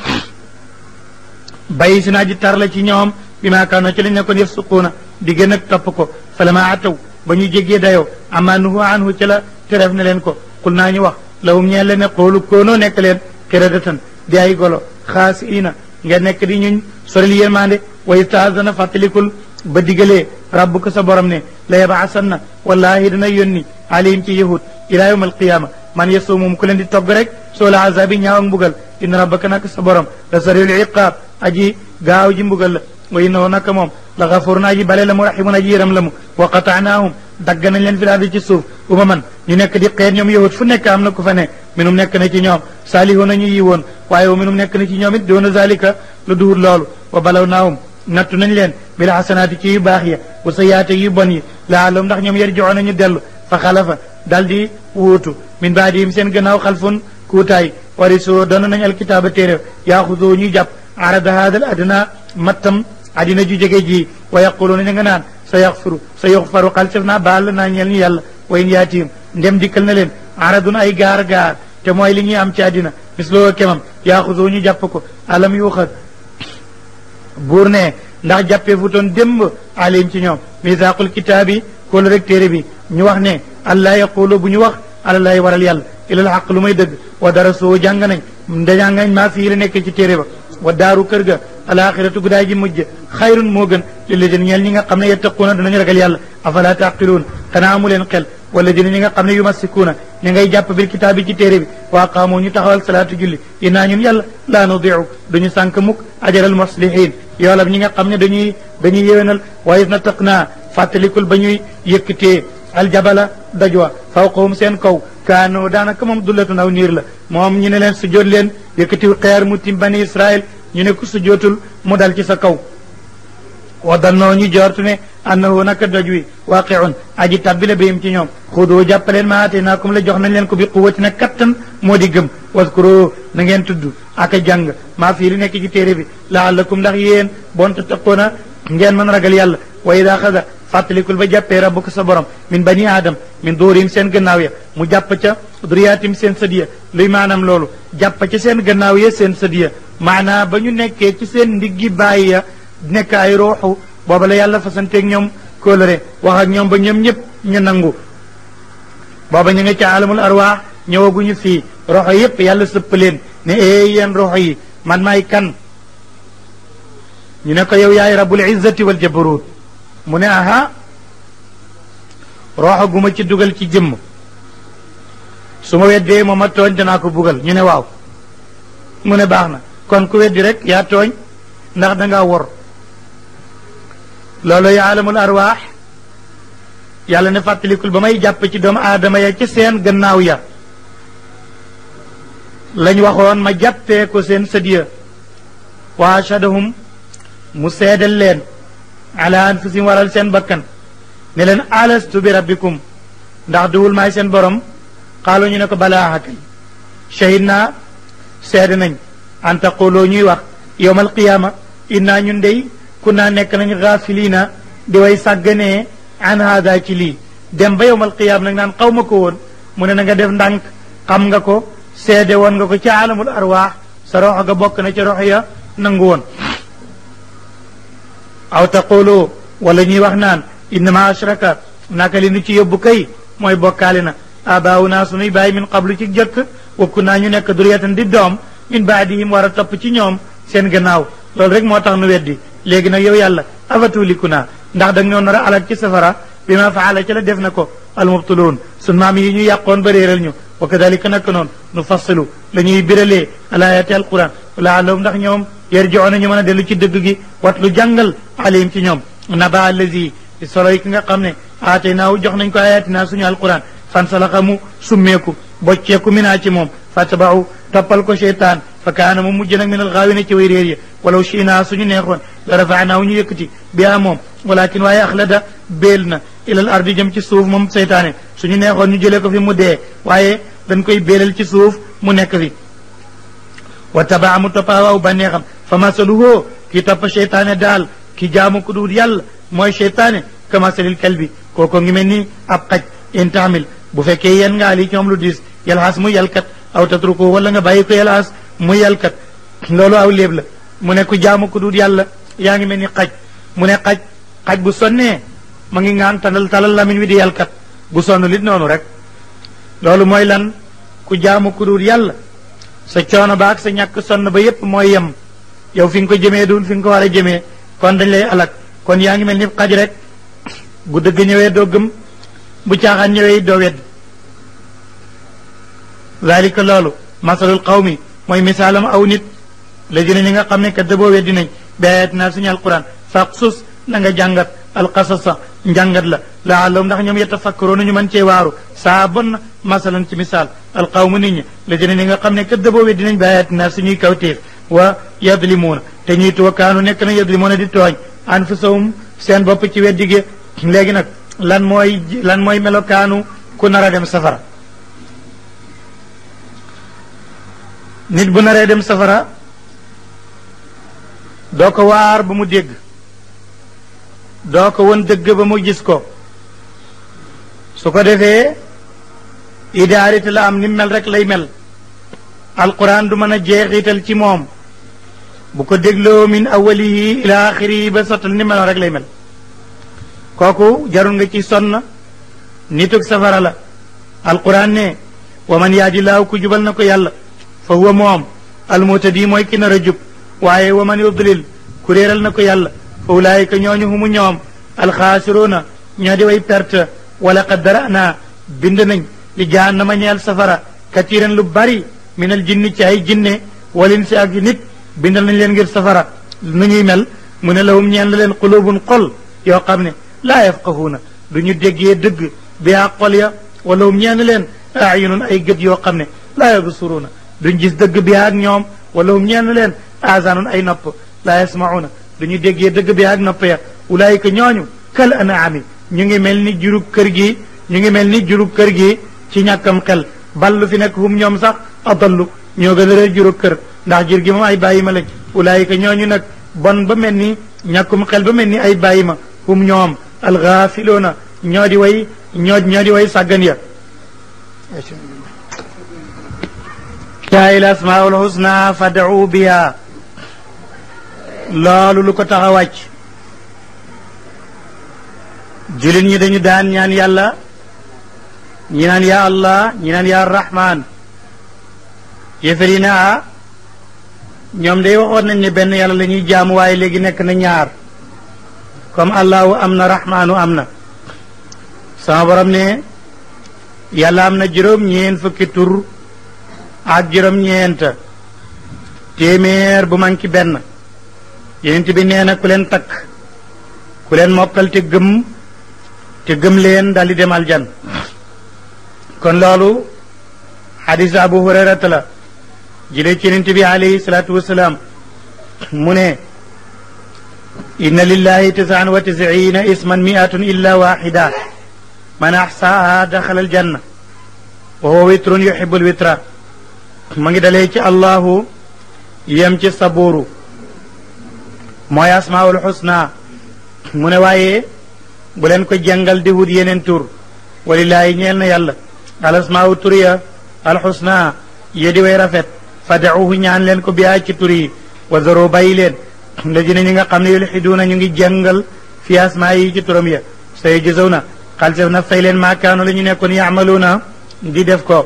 bàyyi ji tarla ci ñoom bima maa kaanoo ci lañ nekkoon yëf suquuna di gën ak topp ko falama ataw ba ñu jéggee dayo amma nuhu anhu ci la teref ne leen ko kul naa ñu wax lawum ñeen le ne xoolu koonoo nekk leen xiradatan di ay golo xaas ina nga nekk di ñuñ soril yërmande wa istaazana fatlikul ba digalee ko sa borom ne la yabaasanna wallahi dana yónni alayhim ci yahud ila yawm alqiyama man yasumum moom ku leen di togg rek soo la azabi ñaaw ak mbugal inna rabbaka nak sa borom la sariul iqaab aji gaaw ji mbugal la way no nak mom la ghafurna ji bale la mu raximun aji yëram la wa qata'nahum dagg len fi laa di ci suuf man ñu nek di xeet ñom yewut fu nek am na ku fa ne minum nek na ci ñom salihuna ñu yi won waye minum nek na ci ñoom it doona zalika lu duhut lool wa balawnahum natu nañ len bil hasanati ci yu bax ya wa sayaate yu bon yi lam ndax ñoom yarji'uuna ñu delu fa khalafa daldi wootu min baadi baadihim sen gannaaw khalfun kuutaay warisu doon nañ tere ya yaaxudu ñu jàpp arada hada al adna mattam adina ji jege ji wa yaquluuna ña nga naan sa yaxfiru sa yuxfaru xalsef naa baal naa ñeel ñu yàlla wa in yaatihim ndem dikkal na leen aradun ay gaar gaar te mooy li ñuy am ci àddina misloo kemam yaaxusoo ñu jàpp ko alam yuuxat buur ne ndax jàppee fu toon démb alim ci ñoom misaaqul kitaab yi kool rek téere bi ñu wax ne allah yaqulu bu ñu wax alalaay waral yàlla ilal xaq lu may dëgg wa dara soo jàng nañ ndajàng nañ maa fii la nekk ci téere ba ودارو كرغا الاخره غدا جي مج خير موغن للذين يال نيغا خامني يتقون دنا نغال يال افلا تعقلون كنا امولن قل والذين نيغا خامني يمسكون نيغا جاب بالكتاب جي تيري واقاموا ني تخال صلاه جولي انا ني يال لا نضيع دني سانك موك اجر المصلحين يالا نيغا خامني دني دني يوينال وايذ نتقنا فاتلكل بنوي يكتي الجبل دجوا فوقهم سين كو كانوا دانا كمام دولتو ناو نير لا موام نيني لين سجود لين يكتيو قير موتين بني إسرائيل نيني كو سجودو مدال كي سكو ودانو ني جارتو ني أنه ناك دجوي واقعون أجي تابيلا بيم تي نيوم خودو جاب لين ما آتي ناكم لجوخنا لين كو بي قوتنا كتن مودي گم وذكرو نغين تدو أكا جنگ ما فيري نكي جي تيري بي لا لكم لغيين بون تتقونا نغين من رغل يال وإذا خذا fàttalikul ba jàppee rabbuka sa borom min bani aadam min dóorim seen gannaaw ya mu jàpp ca duriyaatim seen sëdiya luy maanaam loolu jàpp ca seen gannaaw ya seen sëdiya maanaa ba ñu nekkee ci seen ndiggi bàyyi ya nekk ay ruuxu booba la yàlla fasanteeg ñoom kóolare wax ak ñoom ba ñoom ñëpp ñu nangu booba ñu ci ca alamul arwaax ñëwaguñu fii roxo yëpp yàlla sëpp leen ne ee eh, yéen yi man maay kan ñu ne ko yow yaay rabbul izzati wal jabarut mu ne aha rooxa gu ci dugal ci jëmm su ma weddee moom a tooñ danaa ko bugal ñu ne waaw mu ne baax na kon ku bi rek yaa tooñ ndax danga wor loolu yaalamul arwaax yàlla ne fàttalikul ba may jàpp ci doomu aadama ya ci seen gannaaw ya lañ waxoon ma jàppee ko seen sëdiya waa shadahum mu seedal leen ala anfusihim waral seen bakkan ne leen alastu bi rabbikum ndax duwul maay seen borom xaalu ñu ne ko balaa xakay shahid seede nañ an taquloo ñuy wax yowm alqiyaama innaa ñun dey kun naa nekk nañ gaafiliina di way sàgganee an haada ci lii dem ba yowm alqiyaama nag naan xaw ma ko woon mu ne na def ndànk xam nga ko seede woon nga ko ci alamul arwaax sa rox ga bokk na ca rox ya nangu woon aw taqulu wala ñuy wax naan innama ashraka naka li nu ci yóbbu kay mooy bokkaale na abaawuna sunuy bàyyi min qablu ci jëkk wëkku naa ñu nekk duriyatan di doom min baadihim war a topp ci ñoom seen gannaaw loolu rek moo tax nu weddi léegi nag yow yàlla afatuuliku naa ndax da nga ñoo nar a ci safara bi ma faala ci la def na ko almubtiluun sun maam yi ñu yàqoon ba réeral ñu wa kadalika nak noonu nu fassilu la ñuy biralee alaayati alquran laallahum ndax ñoom yarji'uuna ñu mën a dellu ci dëgg gi wat lu jàngal alayhim ci ñoom naba allazi solo yi ki nga xam ne aataynaahu jox nañ ko ayatinaa suñu alquran fan salaxa mu summeeku bocceeku minaa ci moom fattabaahu toppal ko seytaan fa kaana mu mujj nag min alxaawina ci way réer ya walaw shiinaa suñu neexoon la rafaanaahu ñu yëkkati bihaa moom walakin waaye axlada béel na ilal ardi jëm ci suuf moom seytaane suñu neexoon ñu jëlee ko fi mu dee waaye dañ koy béelal ci suuf mu nekk fi wa tabaa mu toppaa waaw bànneexam fa masaluhu ki topp seytaane daal ki jaamu ku dul yàlla mooy seytaane ka masalil kalbi kooko ngi mel ni ab xaj in taamil bu fekkee yenn nga ali ci moom lu diis yalxas mu yalkat aw tatruku wala nga bàyyi ko yalxas mu yalkat loolu aw léeb la mu ne ku jaamu ku yàlla yaa ngi mel ni xaj mu ne xaj xaj bu sonnee ma ngi ngaan talal talal lamin wi di yalkat bu sonn lit noonu rek loolu mooy lan ku jaamu ku dul yàlla sa coono ba ak sa ñàkk sonn ba yépp mooy yem yow fi nga ko jëmee dul fi nga ko war a jëme kon dañ lay alak kon yaa ngi mel ni xaj rek bu dëgg ñëwee doo gëm bu caaxaan ñëwee doo wedd zalika loolu masalul qawmi mooy misaalam aw nit lazina ñi nga xam ne kat daboo weddi nañ bi ayatina suñu alquran faqsus na nga jàngat alqasasa njàngat la laalahum ndax ñoom yatafakkaroona ñu mën cee waaru saa bon masalan ci misaal alqawmu nit ñi lazina ñi nga xam ne kat daboo weddi nañ bi ayatina suñuy kawtéef wa yadlimuuna te ñuy too kaanu nekk na yadlimuuna di tooñ anfusahum seen bopp ci wet gi léegi nag lan mooy lan mooy melokaanu ku nar a dem safara nit bu naree dem safara doo ko waar ba mu dégg doo ko won dëgg ba mu gis ko su ko defee idaarit la am ni mel rek lay mel alquran du mën a jeexital ci moom bu ko dégloo min awalihi ila axiri ba sottal ni meloon rek lay mel kooku jarul nga ci sonn nitug safara la alquran ne wa man yaadilaahu ku jubal na ko yàlla fa huwa moom almutadi mooy ki nar a waaye wa man yudlil na ko yàlla fa ulaayika ñooñu humu ñoom alxaasiruuna ñoo di way perte wala qad dara'naa bind nañ li jahannama ñeel safara katiiran lu bari min al jinni ci ay jinne walin si ak nit bindal nañ leen ngir safara nu ñuy mel mu ne lahum ñeen la leen xulóobun xol yoo xam ne laa yafqahuuna du ñu déggee dëgg bi yaa xol ya wala hum ñeen leen ayunun ay gët yoo xam ne laa yabsuruuna duñ gis dëgg bi ak ñoom wala hum leen aasaanun ay nopp laa yasmauna du ñu déggee dëgg bi ak nopp ya ulaayika ñooñu kal anaami ñu ngi mel ni jurub kër gi ñu ngi mel ni jurub kër gi ci ñàkkam xel ballu fi nekk hum ñoom sax adallu ñoo gën a réer jurub kër ndax jur gi moom ay bàyyi ma lañ ulaayika ñooñu nag bon ba mel ni xel ba mel ay bàyyi ma hum ñoom alxaafiloona ñoo di way ñoo ñoo di way sàggan ya yaay la asmaul biha loolu lu ko tax wàcc julin ñi dañu daan ñaan yàlla ñi naan yaa allah ñi naan yaa rahman yéfari naa ñoom day waxoon nañ ne benn yàlla lañuy ñuy jaamu waaye léegi nekk na ñaar comme allahu am na rahmaanu am na sama borom ne yàlla am na juróom-ñeent fukki tur ak juróom-ñeent téeméer bu manqué benn yonent bi nee ku leen takk ku leen mokkal te gëm te gëm leen daal di dem aljan kon loolu xadis abu hurayrata la جلي صلى الله عليه وسلم والسلام إن لله تسعا وتسعين اسما مئة إلا واحدة من أحصاها دخل الجنة وهو وتر يحب الوتر من دليك الله يمشي الصبور ما يسمع الحسنى من واي بلن كو جنگل دي ود يينن تور ولله نيل يالا على اسماء الحسنى يدي وي fadauhu ñaan leen ko bi ay ci tur yi wa zaro bàyyi leen lajina ñi nga xam ne na ñu ngi jàngal fi asmaa yi ci turam ya say jësaw na xaalisef na fay leen maakaano la ñu nekkoon yaamaluuna di def ko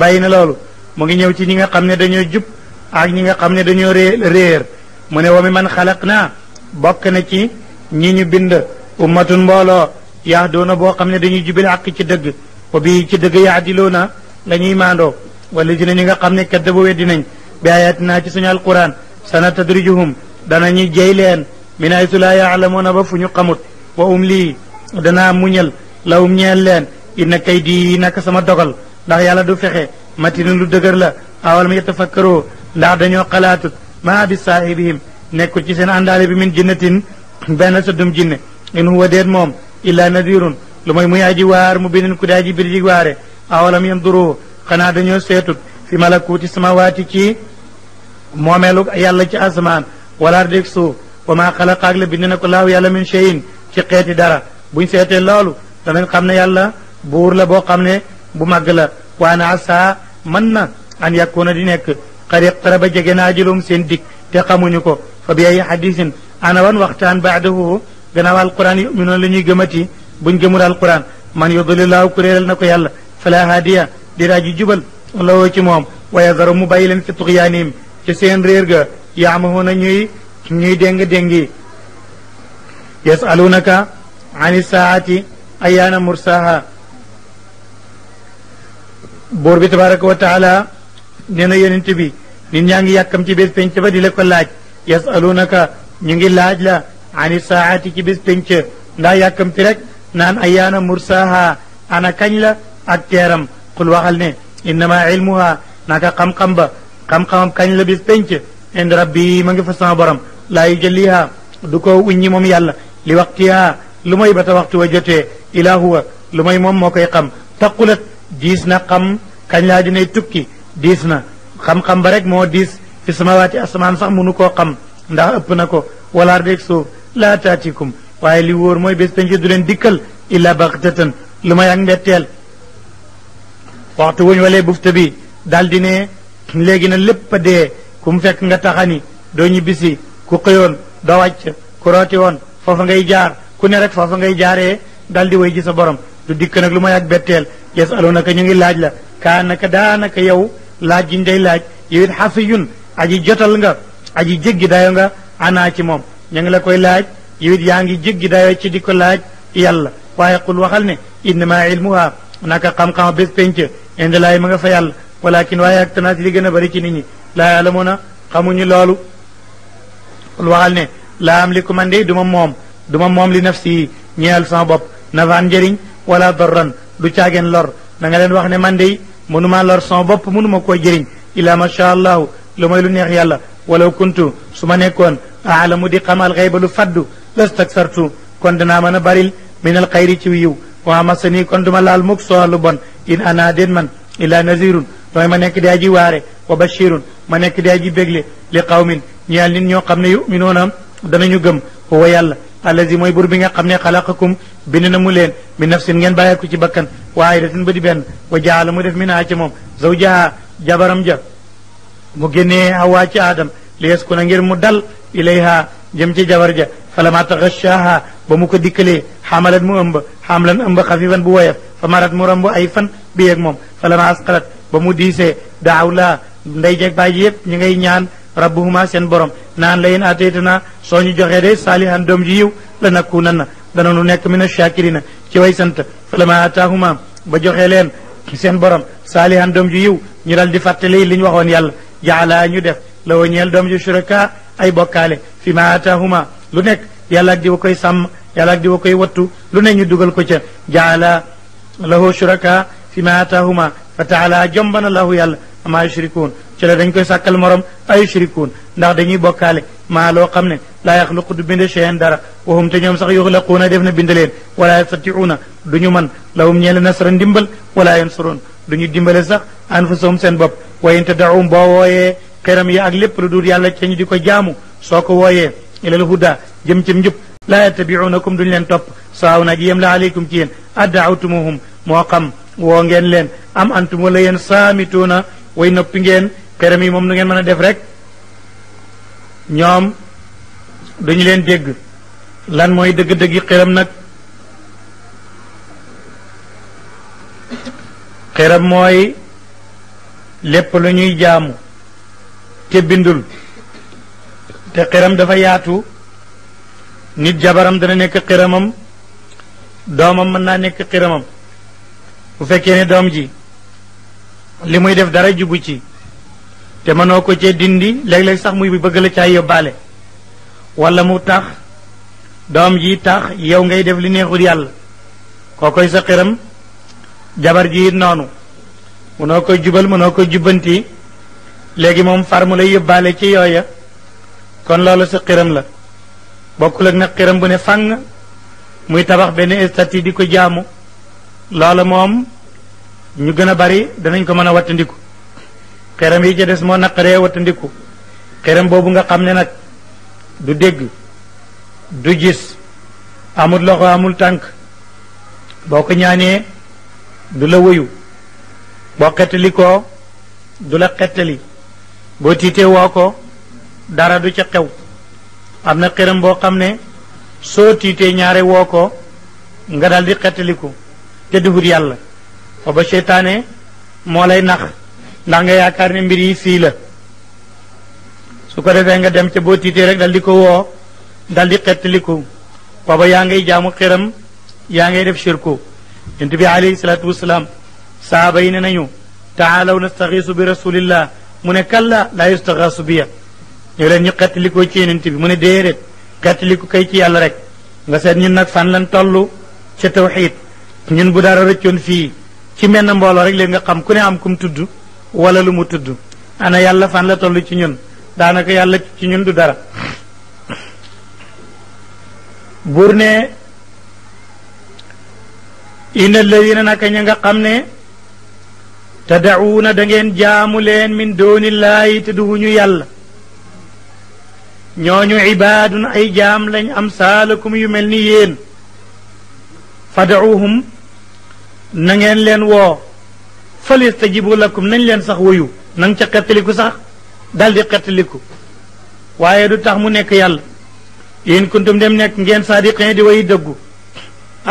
bàyyi na loolu mu ngi ñëw ci ñi nga xam ne dañoo jub ak ñi nga xam ne dañoo réer mu ne wa mi man xalaq naa bokk na ci ñi ñu bind ummatun mbooloo yahduuna boo xam ne dañuy jubil àq ci dëgg wa bi ci dëgg yahdiluuna la ñuy maandoo wala dina ñi nga xam ne kaddabu weddi nañ bi ayatina ci suñu alquran sana tadrijuhum danañu jey leen min aytu laa yaalamuuna ba fu ñu xamut wa um lii danaa muñal lawum ñeel leen inna kay di nak sama dogal ndax yàlla du fexe matinu lu dëgër la awal ma yatafakkaroo ndax dañoo xalaatut maa bi saahibihim nekkul ci seen àndaale bi min jinnatin benn sa dum jinne in huwa déet moom illa nadirun lu mooy muy aji waar mu binin ku daaji bir ji waare awalam yanduroo xanaa dañoo seetut fi malakuuti samawaati ci moomeelu yàlla ci asamaan wala dég suuf wa maa xalaqaak la bind na ko laaw yàlla min cheyin ci xeeti dara buñ seetee loolu danañ xam na yàlla buur la boo xam ne bu màgg la waa naa asa mën na an yàkkuuna di nekk xari xaraba jege naa jëlum seen dikk te xamuñu ko fa bi ay hadisin ana wan waxtaan baadahu gannaaw alquran yuminoon la ñuy gëmati buñ gëmul alquran man yudlilaahu kuréelal na ko yàlla di daa ji jubal la ci moom waaye dara mu bàyyi leen fi tuxyaaniim ci seen réer ga yaamahuuna ñuy ñuy déng-déngi yasalunaka an isaati ayaana mursaha buur bi tabaraka wa taala nee na bi nit ñaa ngi yàkkam ci bés penc ba di la ko laaj yasalunaka ñu ngi laaj la ani saati ci bés penc ndaa yàkkamti rek naan ayaana mursaha ana kañ la ak teeram xul waxal ne innama ilmuha naka xam-xam ba xam-xamam kañ la bis penc ind rabbi ma ngi fa sama borom laa yujalliha du ko uññi moom yàlla li waxtiha lu may ba ta waxtu wa jotee ilaa huwa lu may moom moo koy xam taqulat diis na xam kañ laa dinay tukki diis na xam-xam ba rek moo diis fi samawaati asamaan sax munu koo xam ndax ëpp na ko walaar deg suuf laa taatikum waaye li wóor mooy bés penc du leen dikkal illa baxtatan lu may ak mbetteel waxtu wuñ walee bufta bi daldi ne léegi na lépp dee ku mu fekk nga taxani doo bisi ku xëyoon doo wàcc ku rooti woon foofa ngay jaar ku ne rek foofa ngay jaaree daldi way ji sa borom du dikk nag lu ma yàgg betteel naka ñu ngi laaj la daa naka yow laaj yi day laaj yow it yun aji jotal nga aji jéggi dayo nga anaa ci moom ña ngi la koy laaj yow it yaa ngi jéggi dayo ci di ko laaj yàlla waaye qul waxal ne innama ilmuha naka xam-xam bés penc indi laay ma nga fa yàlla walakin waaye ak tanaat li gën a bëri ci nit ñi laa ya'lamuuna xamuñu loolu lu waxal ne laa amliku man de duma moom duma moom li nafsi ñeel sama bopp nafaan njëriñ wala darran du caageen lor na nga leen wax ne man de mënuma lor sama bopp mënuma koo jëriñ illa ma sha allahu lu may lu neex yàlla walaw kuntu su ma nekkoon aalamu di xamal xayba lu faddu lastaksartu kon danaa mën a baril min al xayri ci wiiw wa masani kon duma laal mukk so lu bon in ana den man illa nazirun mooy ma nekk di aji waare wa bashirun ma nekk di aji bégle li qawmin ñeel nit ñoo xam ne yuminuuna danañu gëm huwa yàlla allazi mooy bur bi nga xam ne xalaqakum bind na mu leen min nafsin ngeen bàyyeeku ci bakkan waahidatin ba di benn wa jaala mu def minhaa ca moom zawjaha jabaram ja mu génnee Hawaa ci Aadam li yaskuna ngir mu dal ilayha jëm ci jabar ja فلما تغشاها ba mu ko dikkalee xamalat mu ëmb xamlan ëmb xafifan bu woyof fa marat mu romb ay fan bi yeeg moom fa lama asqalat ba mu diisee daaw laa ndey jeeg baay yëpp ñu ngay ñaan rabbuhuma seen borom naan la yéen ateytana soo ñu joxee de saalihan doom ji yiw la nakkunan na dananu nekk min ashakirina ci way sant fa lama ataahuma ba joxee leen seen borom saalihan doom ji yiw ñu dal di fàttali li ñu waxoon yàlla jaalaa ñu def la wa ñeel doom ji shuraka ay bokkaale fi ma ataahuma lu nek yàlla ak diwa koy sam yàlla ak diwa koy wattu lu ne ñu dugal ko ci jaala lahu shuraka fi ma ataahuma fa taala jambana lahu yàlla ama yushrikun ci la dañ koy sakal morom ay yushrikun ndax dañuy bokale ma lo xamne la laa du bind cheyan dara wahum te sax yuxlaquuna def na wala yastati'una duñu man lahum ñee nasra ndimbal wala yansurun duñu dimbale sax anfusahum seen bopp wayen te daawum bo woyé xeram yi ak lépp lu dur yàlla ci ñu diko jaamu soko woyé ilal huda jëm ci njub laa yattabiunakum duñu leen topp saaw na ji yem la aleykum ci yéen addaawtumuhum moo xam woo ngeen leen am antum wala yéen saamituuna way noppi ngeen xerem yi moom nu ngeen mën a def rek ñoom duñu leen dégg lan mooy dëgg-dëggi xerem nag xerem mooy lépp lu ñuy jaamu te bindul te xiram dafa yaatu nit jabaram dana nekk xiramam doomam mën naa nekk xiramam bu fekkee ne doom ji li muy def dara jubu ci te mënoo ko cee dindi léeg-léeg sax muy bëgg la caa yóbbaale walla mu tax doom ji tax yow ngay def li neexul yàlla kookoy sa xiram jabar ji noonu mënoo ko jubal mënoo ko jubbanti léegi moom far mu lay yóbbaale ci yooya kon loolu si xiram la bokkul ak na xiram bu ne fànn muy tabax benn statue di ko jaamu loola moom ñu gën a bari danañ ko mën a wattandiku xiram yi ca des moo naqaree wattandiku xiram boobu nga xam ne nag du dégg du gis amul loxo amul tànk boo ko ñaanee du la woyu boo xettali ko du la xetali boo tiitee woo ko dara du ca xew am na xërëm boo xam ne soo tiitee ñaare woo ko nga dal di xettaliku te duhut yàlla booba seytaane moo lay nax ndax nga yaakaar ne mbir yi fii la su ko defee nga dem ca boo tiitee rek dal di ko woo dal di xettaliku booba yaa ngay jaamu xërëm yaa ngay def shirku yonent bi alayhi salaatu wasalaam saaba yi ne nañu taalaw nastaxiisu bi rasulillah mu ne kalla laa yustaxaasu biya ñu leen ñu xettalikoo ci yonent bi mu ne déedéet xettaliku kay ci yàlla rek nga seet ñun nag fan lan toll ca tawxiid ñun bu dara rëccoon fii ci menn mbooloo rek leen nga xam ku ne am ku mu tudd wala lu mu tudd ana yàlla fan la toll ci ñun daanaka yàlla ci ñun du dara buur ne inna alladina naka ña nga xam ne tadauuna da ngeen jaamu leen min doonillaahi te duhuñu yàlla ñoo ñooñu ibaadun ay jaam lañ am saalakum yu mel ni yéen fadauhum na ngeen leen woo falistajibu lakum nañ leen sax wuyu na ca xettaliku sax di xettaliku waaye du tax mu nekk yàlla in kuntum dem nekk ngeen saadiqin di way dëggu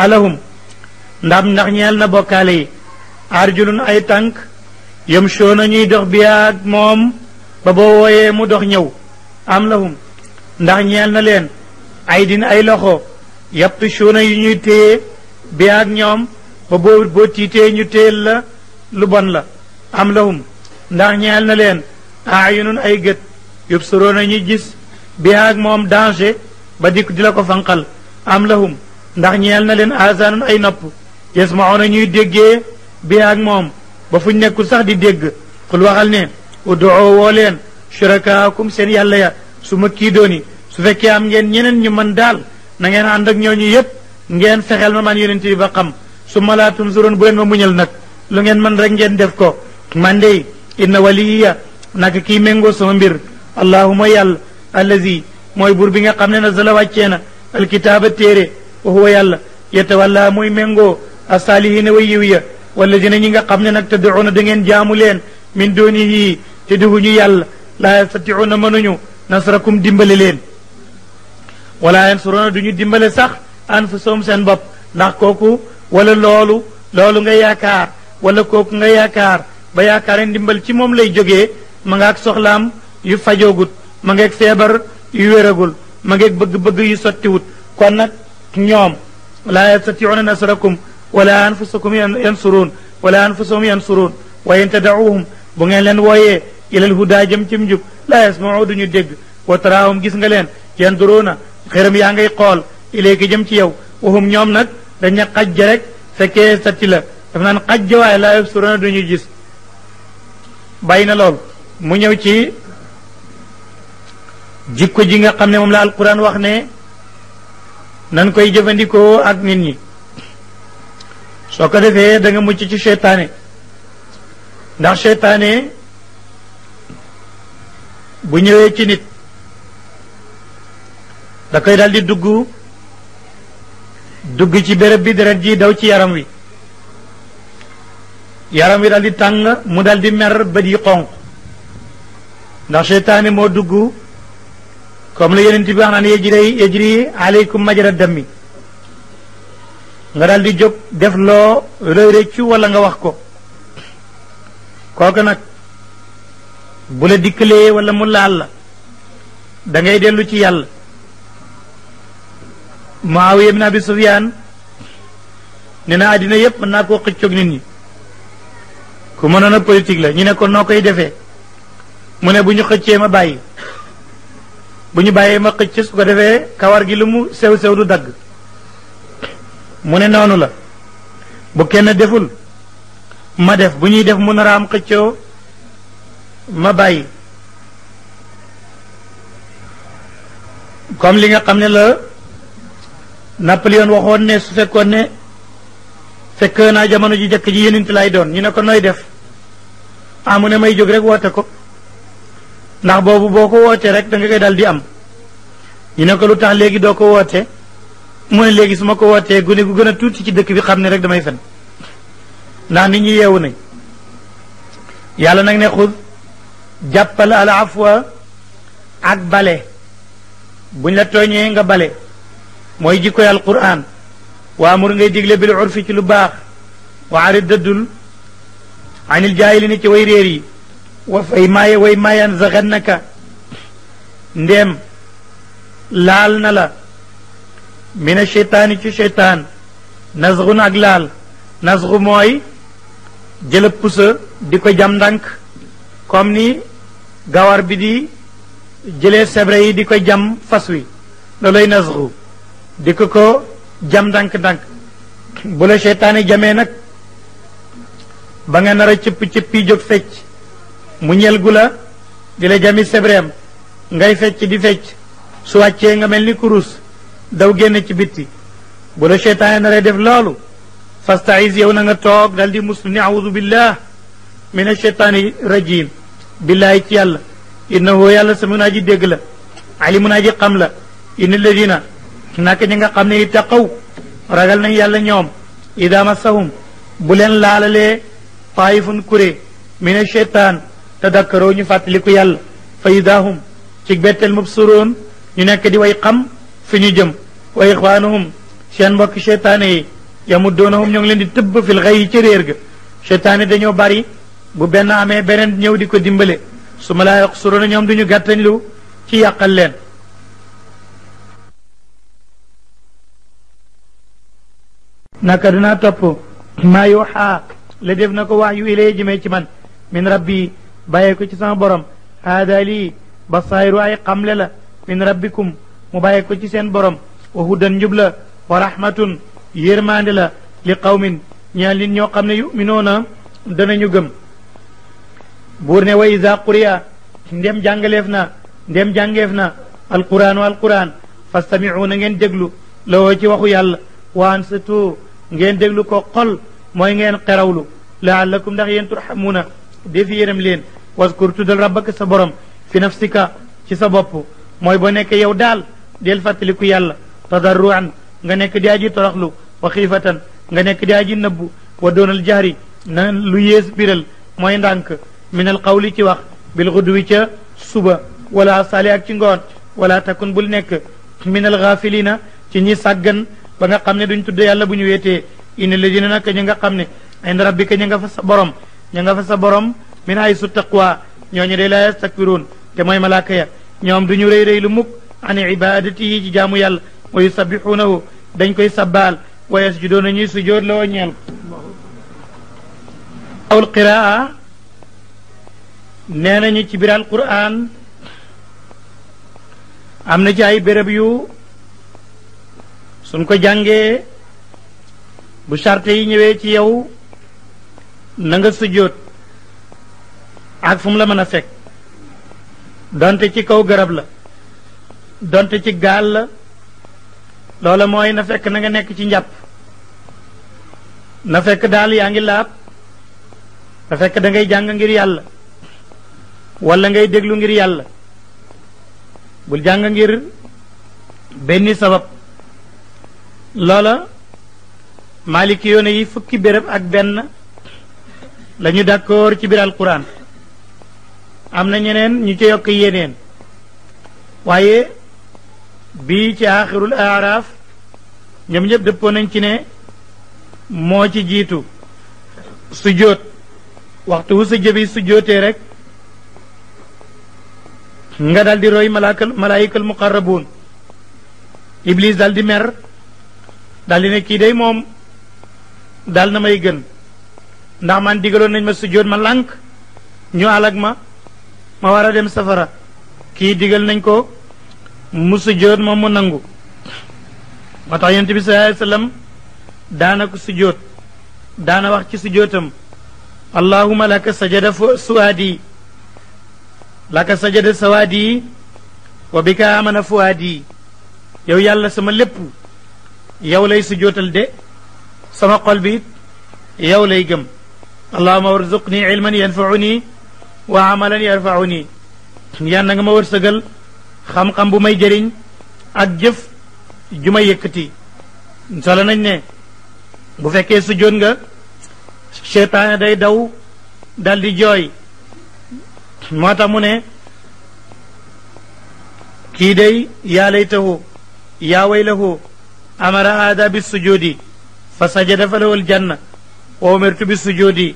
alahum ndam ndax ñeel na bokkaale yi arjulun ay tànk yamshuuna ñuy dox bi moom ba boo wooyee mu dox ñëw am lahum ndax ñeel na leen ay din ay loxo yaptishuuna yu ñuy téye bi ak ñoom ba boo boo tiitee ñu téyel la lu bon la am lahum ndax ñeel na leen aayunun ay gët yubsuroona ñuy gis bi moom danger ba dikk di la ko fanqal am lahum ndax ñeel na leen aasaanun ay nopp yasmaoona ñuy déggee bi moom ba fuñ nekkul sax di dégg xul ne udoo woo leen shurakaakum seen yàlla ya su ma kii dooni su fekkee am ngeen ñeneen ñu man daal na ngeen ànd ak ñooñu yépp ngeen fexeel ma man yonent bi ba xam su ma laa tunsuroon bu leen ma muñal nag lu ngeen mën rek ngeen def ko man de inna waliya naka kii méngoo sama mbir allahuma yàlla allazi mooy buur bi nga xam ne na zala wàccee na alkitaaba téere wa huwa yàlla yatawalla mooy méngoo asaalihina wa yiw ya wallazina ñi nga xam ne nag tadduuna da ngeen jaamu leen min doonihi te duhuñu yàlla laa yastatiuuna mënuñu nasrakum dimbale leen wala yansuruna du ñu dimbale sax anfusahum seen bopp ndax kooku wala loolu loolu nga yaakaar wala kooku nga yaakaar ba yaakaar ndimbal ci moom lay jógee ma nga ak soxlaam yu fajoogut ma nga ak feebar yu wéragul ma bëgg-bëgg yu sottiwut kon nag ñoom laa yastatiuna nasrakum wala anfusakum yansuruun wala anfusahum yansuruun wa in tadauhum bu ngeen leen wooyee ilal hudaa jëm cim njub laa yasmau duñu dégg wa gis nga leen yanduruuna xëram yaa ngay xool ilayka jëm ci yow wahum ñoom nag daña xajja rek fekkee satti la daf naan xajja waaye laa yabsuruuna duñu gis bàyyi na loolu mu ñëw ci jikko ji nga xam ne moom la alquran wax ne nan koy jëfandikoo ak nit ñi soo ko defee danga nga mucc ci seytaane ndax seytaane bu ñëwee ci nit da koy daldi dugg dugg ci bërëb bi deret ji daw ci yaram wi yaram wi daldi tàng mu daldi mer bët yi xonq ndax seytaane moo dugg comme la yeneen bi wax naan yejri yejri aleykum majra nga daldi jóg def loo rëy rëccu walla nga wax ko kooku nag bu la dikkalee wala mu laal la dangay dellu ci yàlla Muawiya ibn Abi Sufyaan ne na àddina yépp mën naa koo xëccoog nit ñi ku mënoon a la ñu ne ko noo koy defee mu ne bu ñu xëccee ma bàyyi bu ñu bàyyee ma xëcc su ko defee kawar gi lu mu sew sew du dagg mu ne noonu la bu kenn deful ma def bu ñuy def mu am xëccoo ma bàyyi comme li nga xam ne la Napoléon waxoon ne su fekkoon ne fekk naa jamono ji jëkk ji yenent lay doon ñu ne ko nooy def amu ah, ne may jóg rek woote ko ndax boobu boo ko wootee rek danga nga koy dal di am ñu ne ko lu tax léegi doo ko woote mu ne léegi su ma ko wootee gune gu gën a tuuti ci dëkk bi xam ne rek damay fen ndax nit ñi yeewu nañ yàlla nag ne xud jàppal al afwa ak bale buñ la tooñee nga bale mooy jikkoy alquran waamur ngay digle bil urfi ci lu baax wa arid dëddul anil jaahilina ci way réer yi wa fay maaye way maayan zaxannaka ndéem laal na la mina cheytaani ci cheytaan nasxun ak laal nasxu mooy jëlëb pusa di ko jam ndànk comme ni gawar bi di jëlee sebre yi di ko jam fas wi loolay nasru di ko ko jam ndànk-ndànk bu la seytaane jamee nag ba nga nar a cëpp-cëppi jóg fecc mu ñel gu la di la jami sebreem ngay fecc di fecc su wàccee nga mel ni kurus daw génn ci bitti bu la seytaane naree def loolu fastaiz yow na nga toog dal di muslu ni audu billah min asheytaani rajim billaahi ci yàlla innahu yàlla samiun aji dégg la alimun aji xam la inna alladina naka ñi nga xam ne ittaqaw ragal nañ yàlla ñoom ida massahum bu leen laalalee taayifun kuré min asheytaan tadakkaroo ñu fàttaliku yàlla fa idahum ci betteel mubsuroon ñu nekk di way xam fi ñu jëm wa ixwaanuhum seen mbokk cheytaane yi yamuddoonahum ñoo ngi leen di tëbb fil xay yi ci réer ga cheytaane dañoo bari bu benn amee beneen ñëw di ko dimbale su ma laa yokk suroona ñoom duñu gàttañlu ci yàqal leen naka dinaa topp maa yuuxaa la def na ko wax yu ilay jëmee ci man min rabbi bàyyee ko ci sama borom haada lii basaayiru ay xamle la min rabbikum mu bàyyee ko ci seen borom wa hudan njub la wa rahmatun yërmaande la li qawmin ñaan ñoo xam ne yuminoona danañu gëm بورني ويزا قريا ندم جانغليفنا ندم جانغيفنا القران والقران فاستمعون نين دغلو لو جي واخو يال وانستو نين دغلو كو قل موي نين قراولو لعلكم دخ ين ترحمون دي لين واذكرت دل ربك صبرم في نفسك شي سبب موي بو نيك يو دال ديل فاتليكو يال تضرعا nga nek di aji toroxlu wa khifatan nga nek di aji nebu wa donal jahri nan min al qawli ci wax bil xudwi ca suba wala sali ak ci ngoon wala takun bul nekk min al gaafilina ci ñi sàggan ba nga xam ne duñ tudd yàlla bu ñu wetee weetee inna ladina nag ña nga xam ne inda rabbika ña nga fa sa borom ña nga fa sa borom min haysu taqwa ñooñu de la yastakbiruun te mooy malaaka ya ñoom du ñu rëy rëy lu mukk an ibadatihi ci jaamu yàlla wa yusabbihuunahu dañ koy sabbaal wa yasjuduuna ñuy sujjóot la wa ñeel aw al nee nañu ci biir alquran am na ci ay béréb yu suñ ko jàngee bu charte yi ñëwee ci yow nanga nga sujjóot ak fum la mën a fekk donte ci kaw garab la donte ci gaal la loola mooy na fekk na nga nekk ci njàpp na fekk daal yaa ngi laab na fekk da ngay jàng ngir yàlla wala ngay déglu ngir yàlla bu jàng ngir benn sabab loola maaliki yi fukki béréb ak benn la ñu d'accord ci biir alquran am na ñeneen ñu ca yokk yeneen waaye bii ci aaxirul aaraaf ñoom ñëpp dëppoo nañ ci ne moo ci jiitu sujjóot waxtu wu sa jëbi sujjóotee rek nga daal di roy malaakal malaayikal muqarrabuun iblis dal di mer dal di ne kii day moom daal na may gën ndax man digaloon nañ ma sujjóot ma lànk ñu alag ma ma war a dem safara kii digal nañ ko mu sujjóot ma mu nangu moo tax yonent bi sallallaahu alayhi wa sallam daana ko sujjóot daana wax ci sujjóotam allahumma laka sajada fuaadi laka sajada sawaadi wa bika amana fuwaadi yow yàlla sama lépp yow lay sujootal de sama xol bi yow lay gëm allahuma warzuqni ilman yanfauni wa amalan yarfauni yal na nga ma wërsëgal xam-xam bu may jëriñ ak jëf ju may yëkkati solo nañ ne bu fekkee sujoot nga seytaane day daw dal di jooy moo tax mu ne kii day yaa laytahu yaa waylahu amara aada bi sujudi fa sajada fa lawul janna wa bi sujudi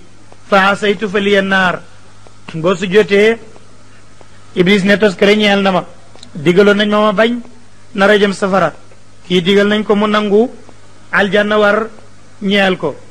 fa asaytu fa liya naar boo sujjotee iblis ne toskare ñeel na ma digaloon nañ ma ma bañ nar a safara kii digal nañ ko mu nangu aljanna war ñeel ko